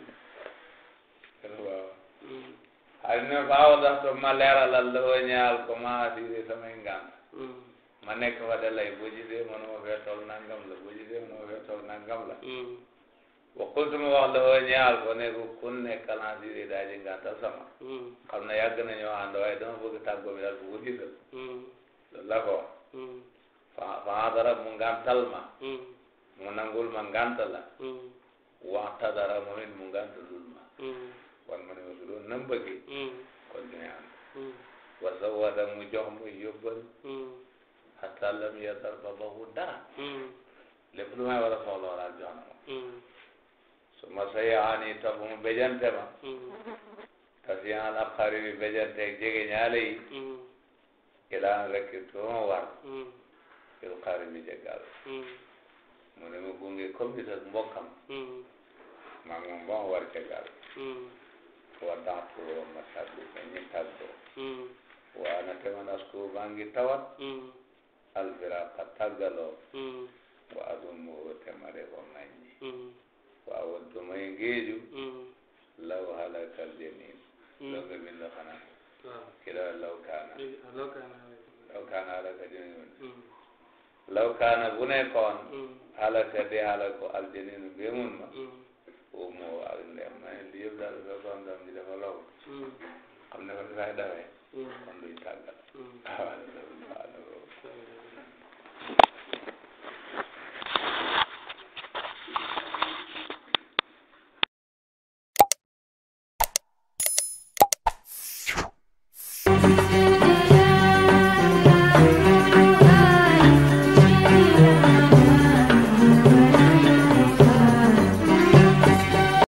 waaw xaalis mm. ne faaw dax to ma leeralal loo ñaal ko ma assuré samay ngànt ma nekk fa de lay boo gisee mënuma fee toll nangam la boo gisee mënuma fee toll nangam la wa kultuma wax loo ñaal ko ne ko kun nekkal assuré daa ji ngàntal sama xam na ya nañoo ànd waaye dama bëgg tàggoo bi daal bu ko gisal loolu la ko wax fa fa hadara mu ngantal ma hmm. mu nangul hmm. ma hmm. ngantal dara moom it mu ngantalul ma kon ma ne ma su doon nam bëggee kon ñu mu jox mu yóbbal hatta lam yadar ba baxu dara lépp lu may war a ma su ma sayaani mu bejante ma tasiyaan ab bejante jege ñaale yi ilaan rek war yow xaar mi jéggal hmm. mu ne ma gunge comme gis ak mbokkam hmm. maa moom ba ma war jéggal hmm. war daan tuuroo ma tàggu ma ñu tàggoo waa na te man asko maa ngi tawat albiraqa tàggaloo wa azumu te ma de ko ŋàññi waa waddu may ngéeju law halakal jamin law nga bind xanaa ki law kaana law kaana halaka law kaana bu nekkoon halaka di halaku aljaninu béemun ma oo moo ak ndem ma ne lii yëpp daal sa son doom ji dafa loolu xam ne ko dafay dawee kon duñ tàggal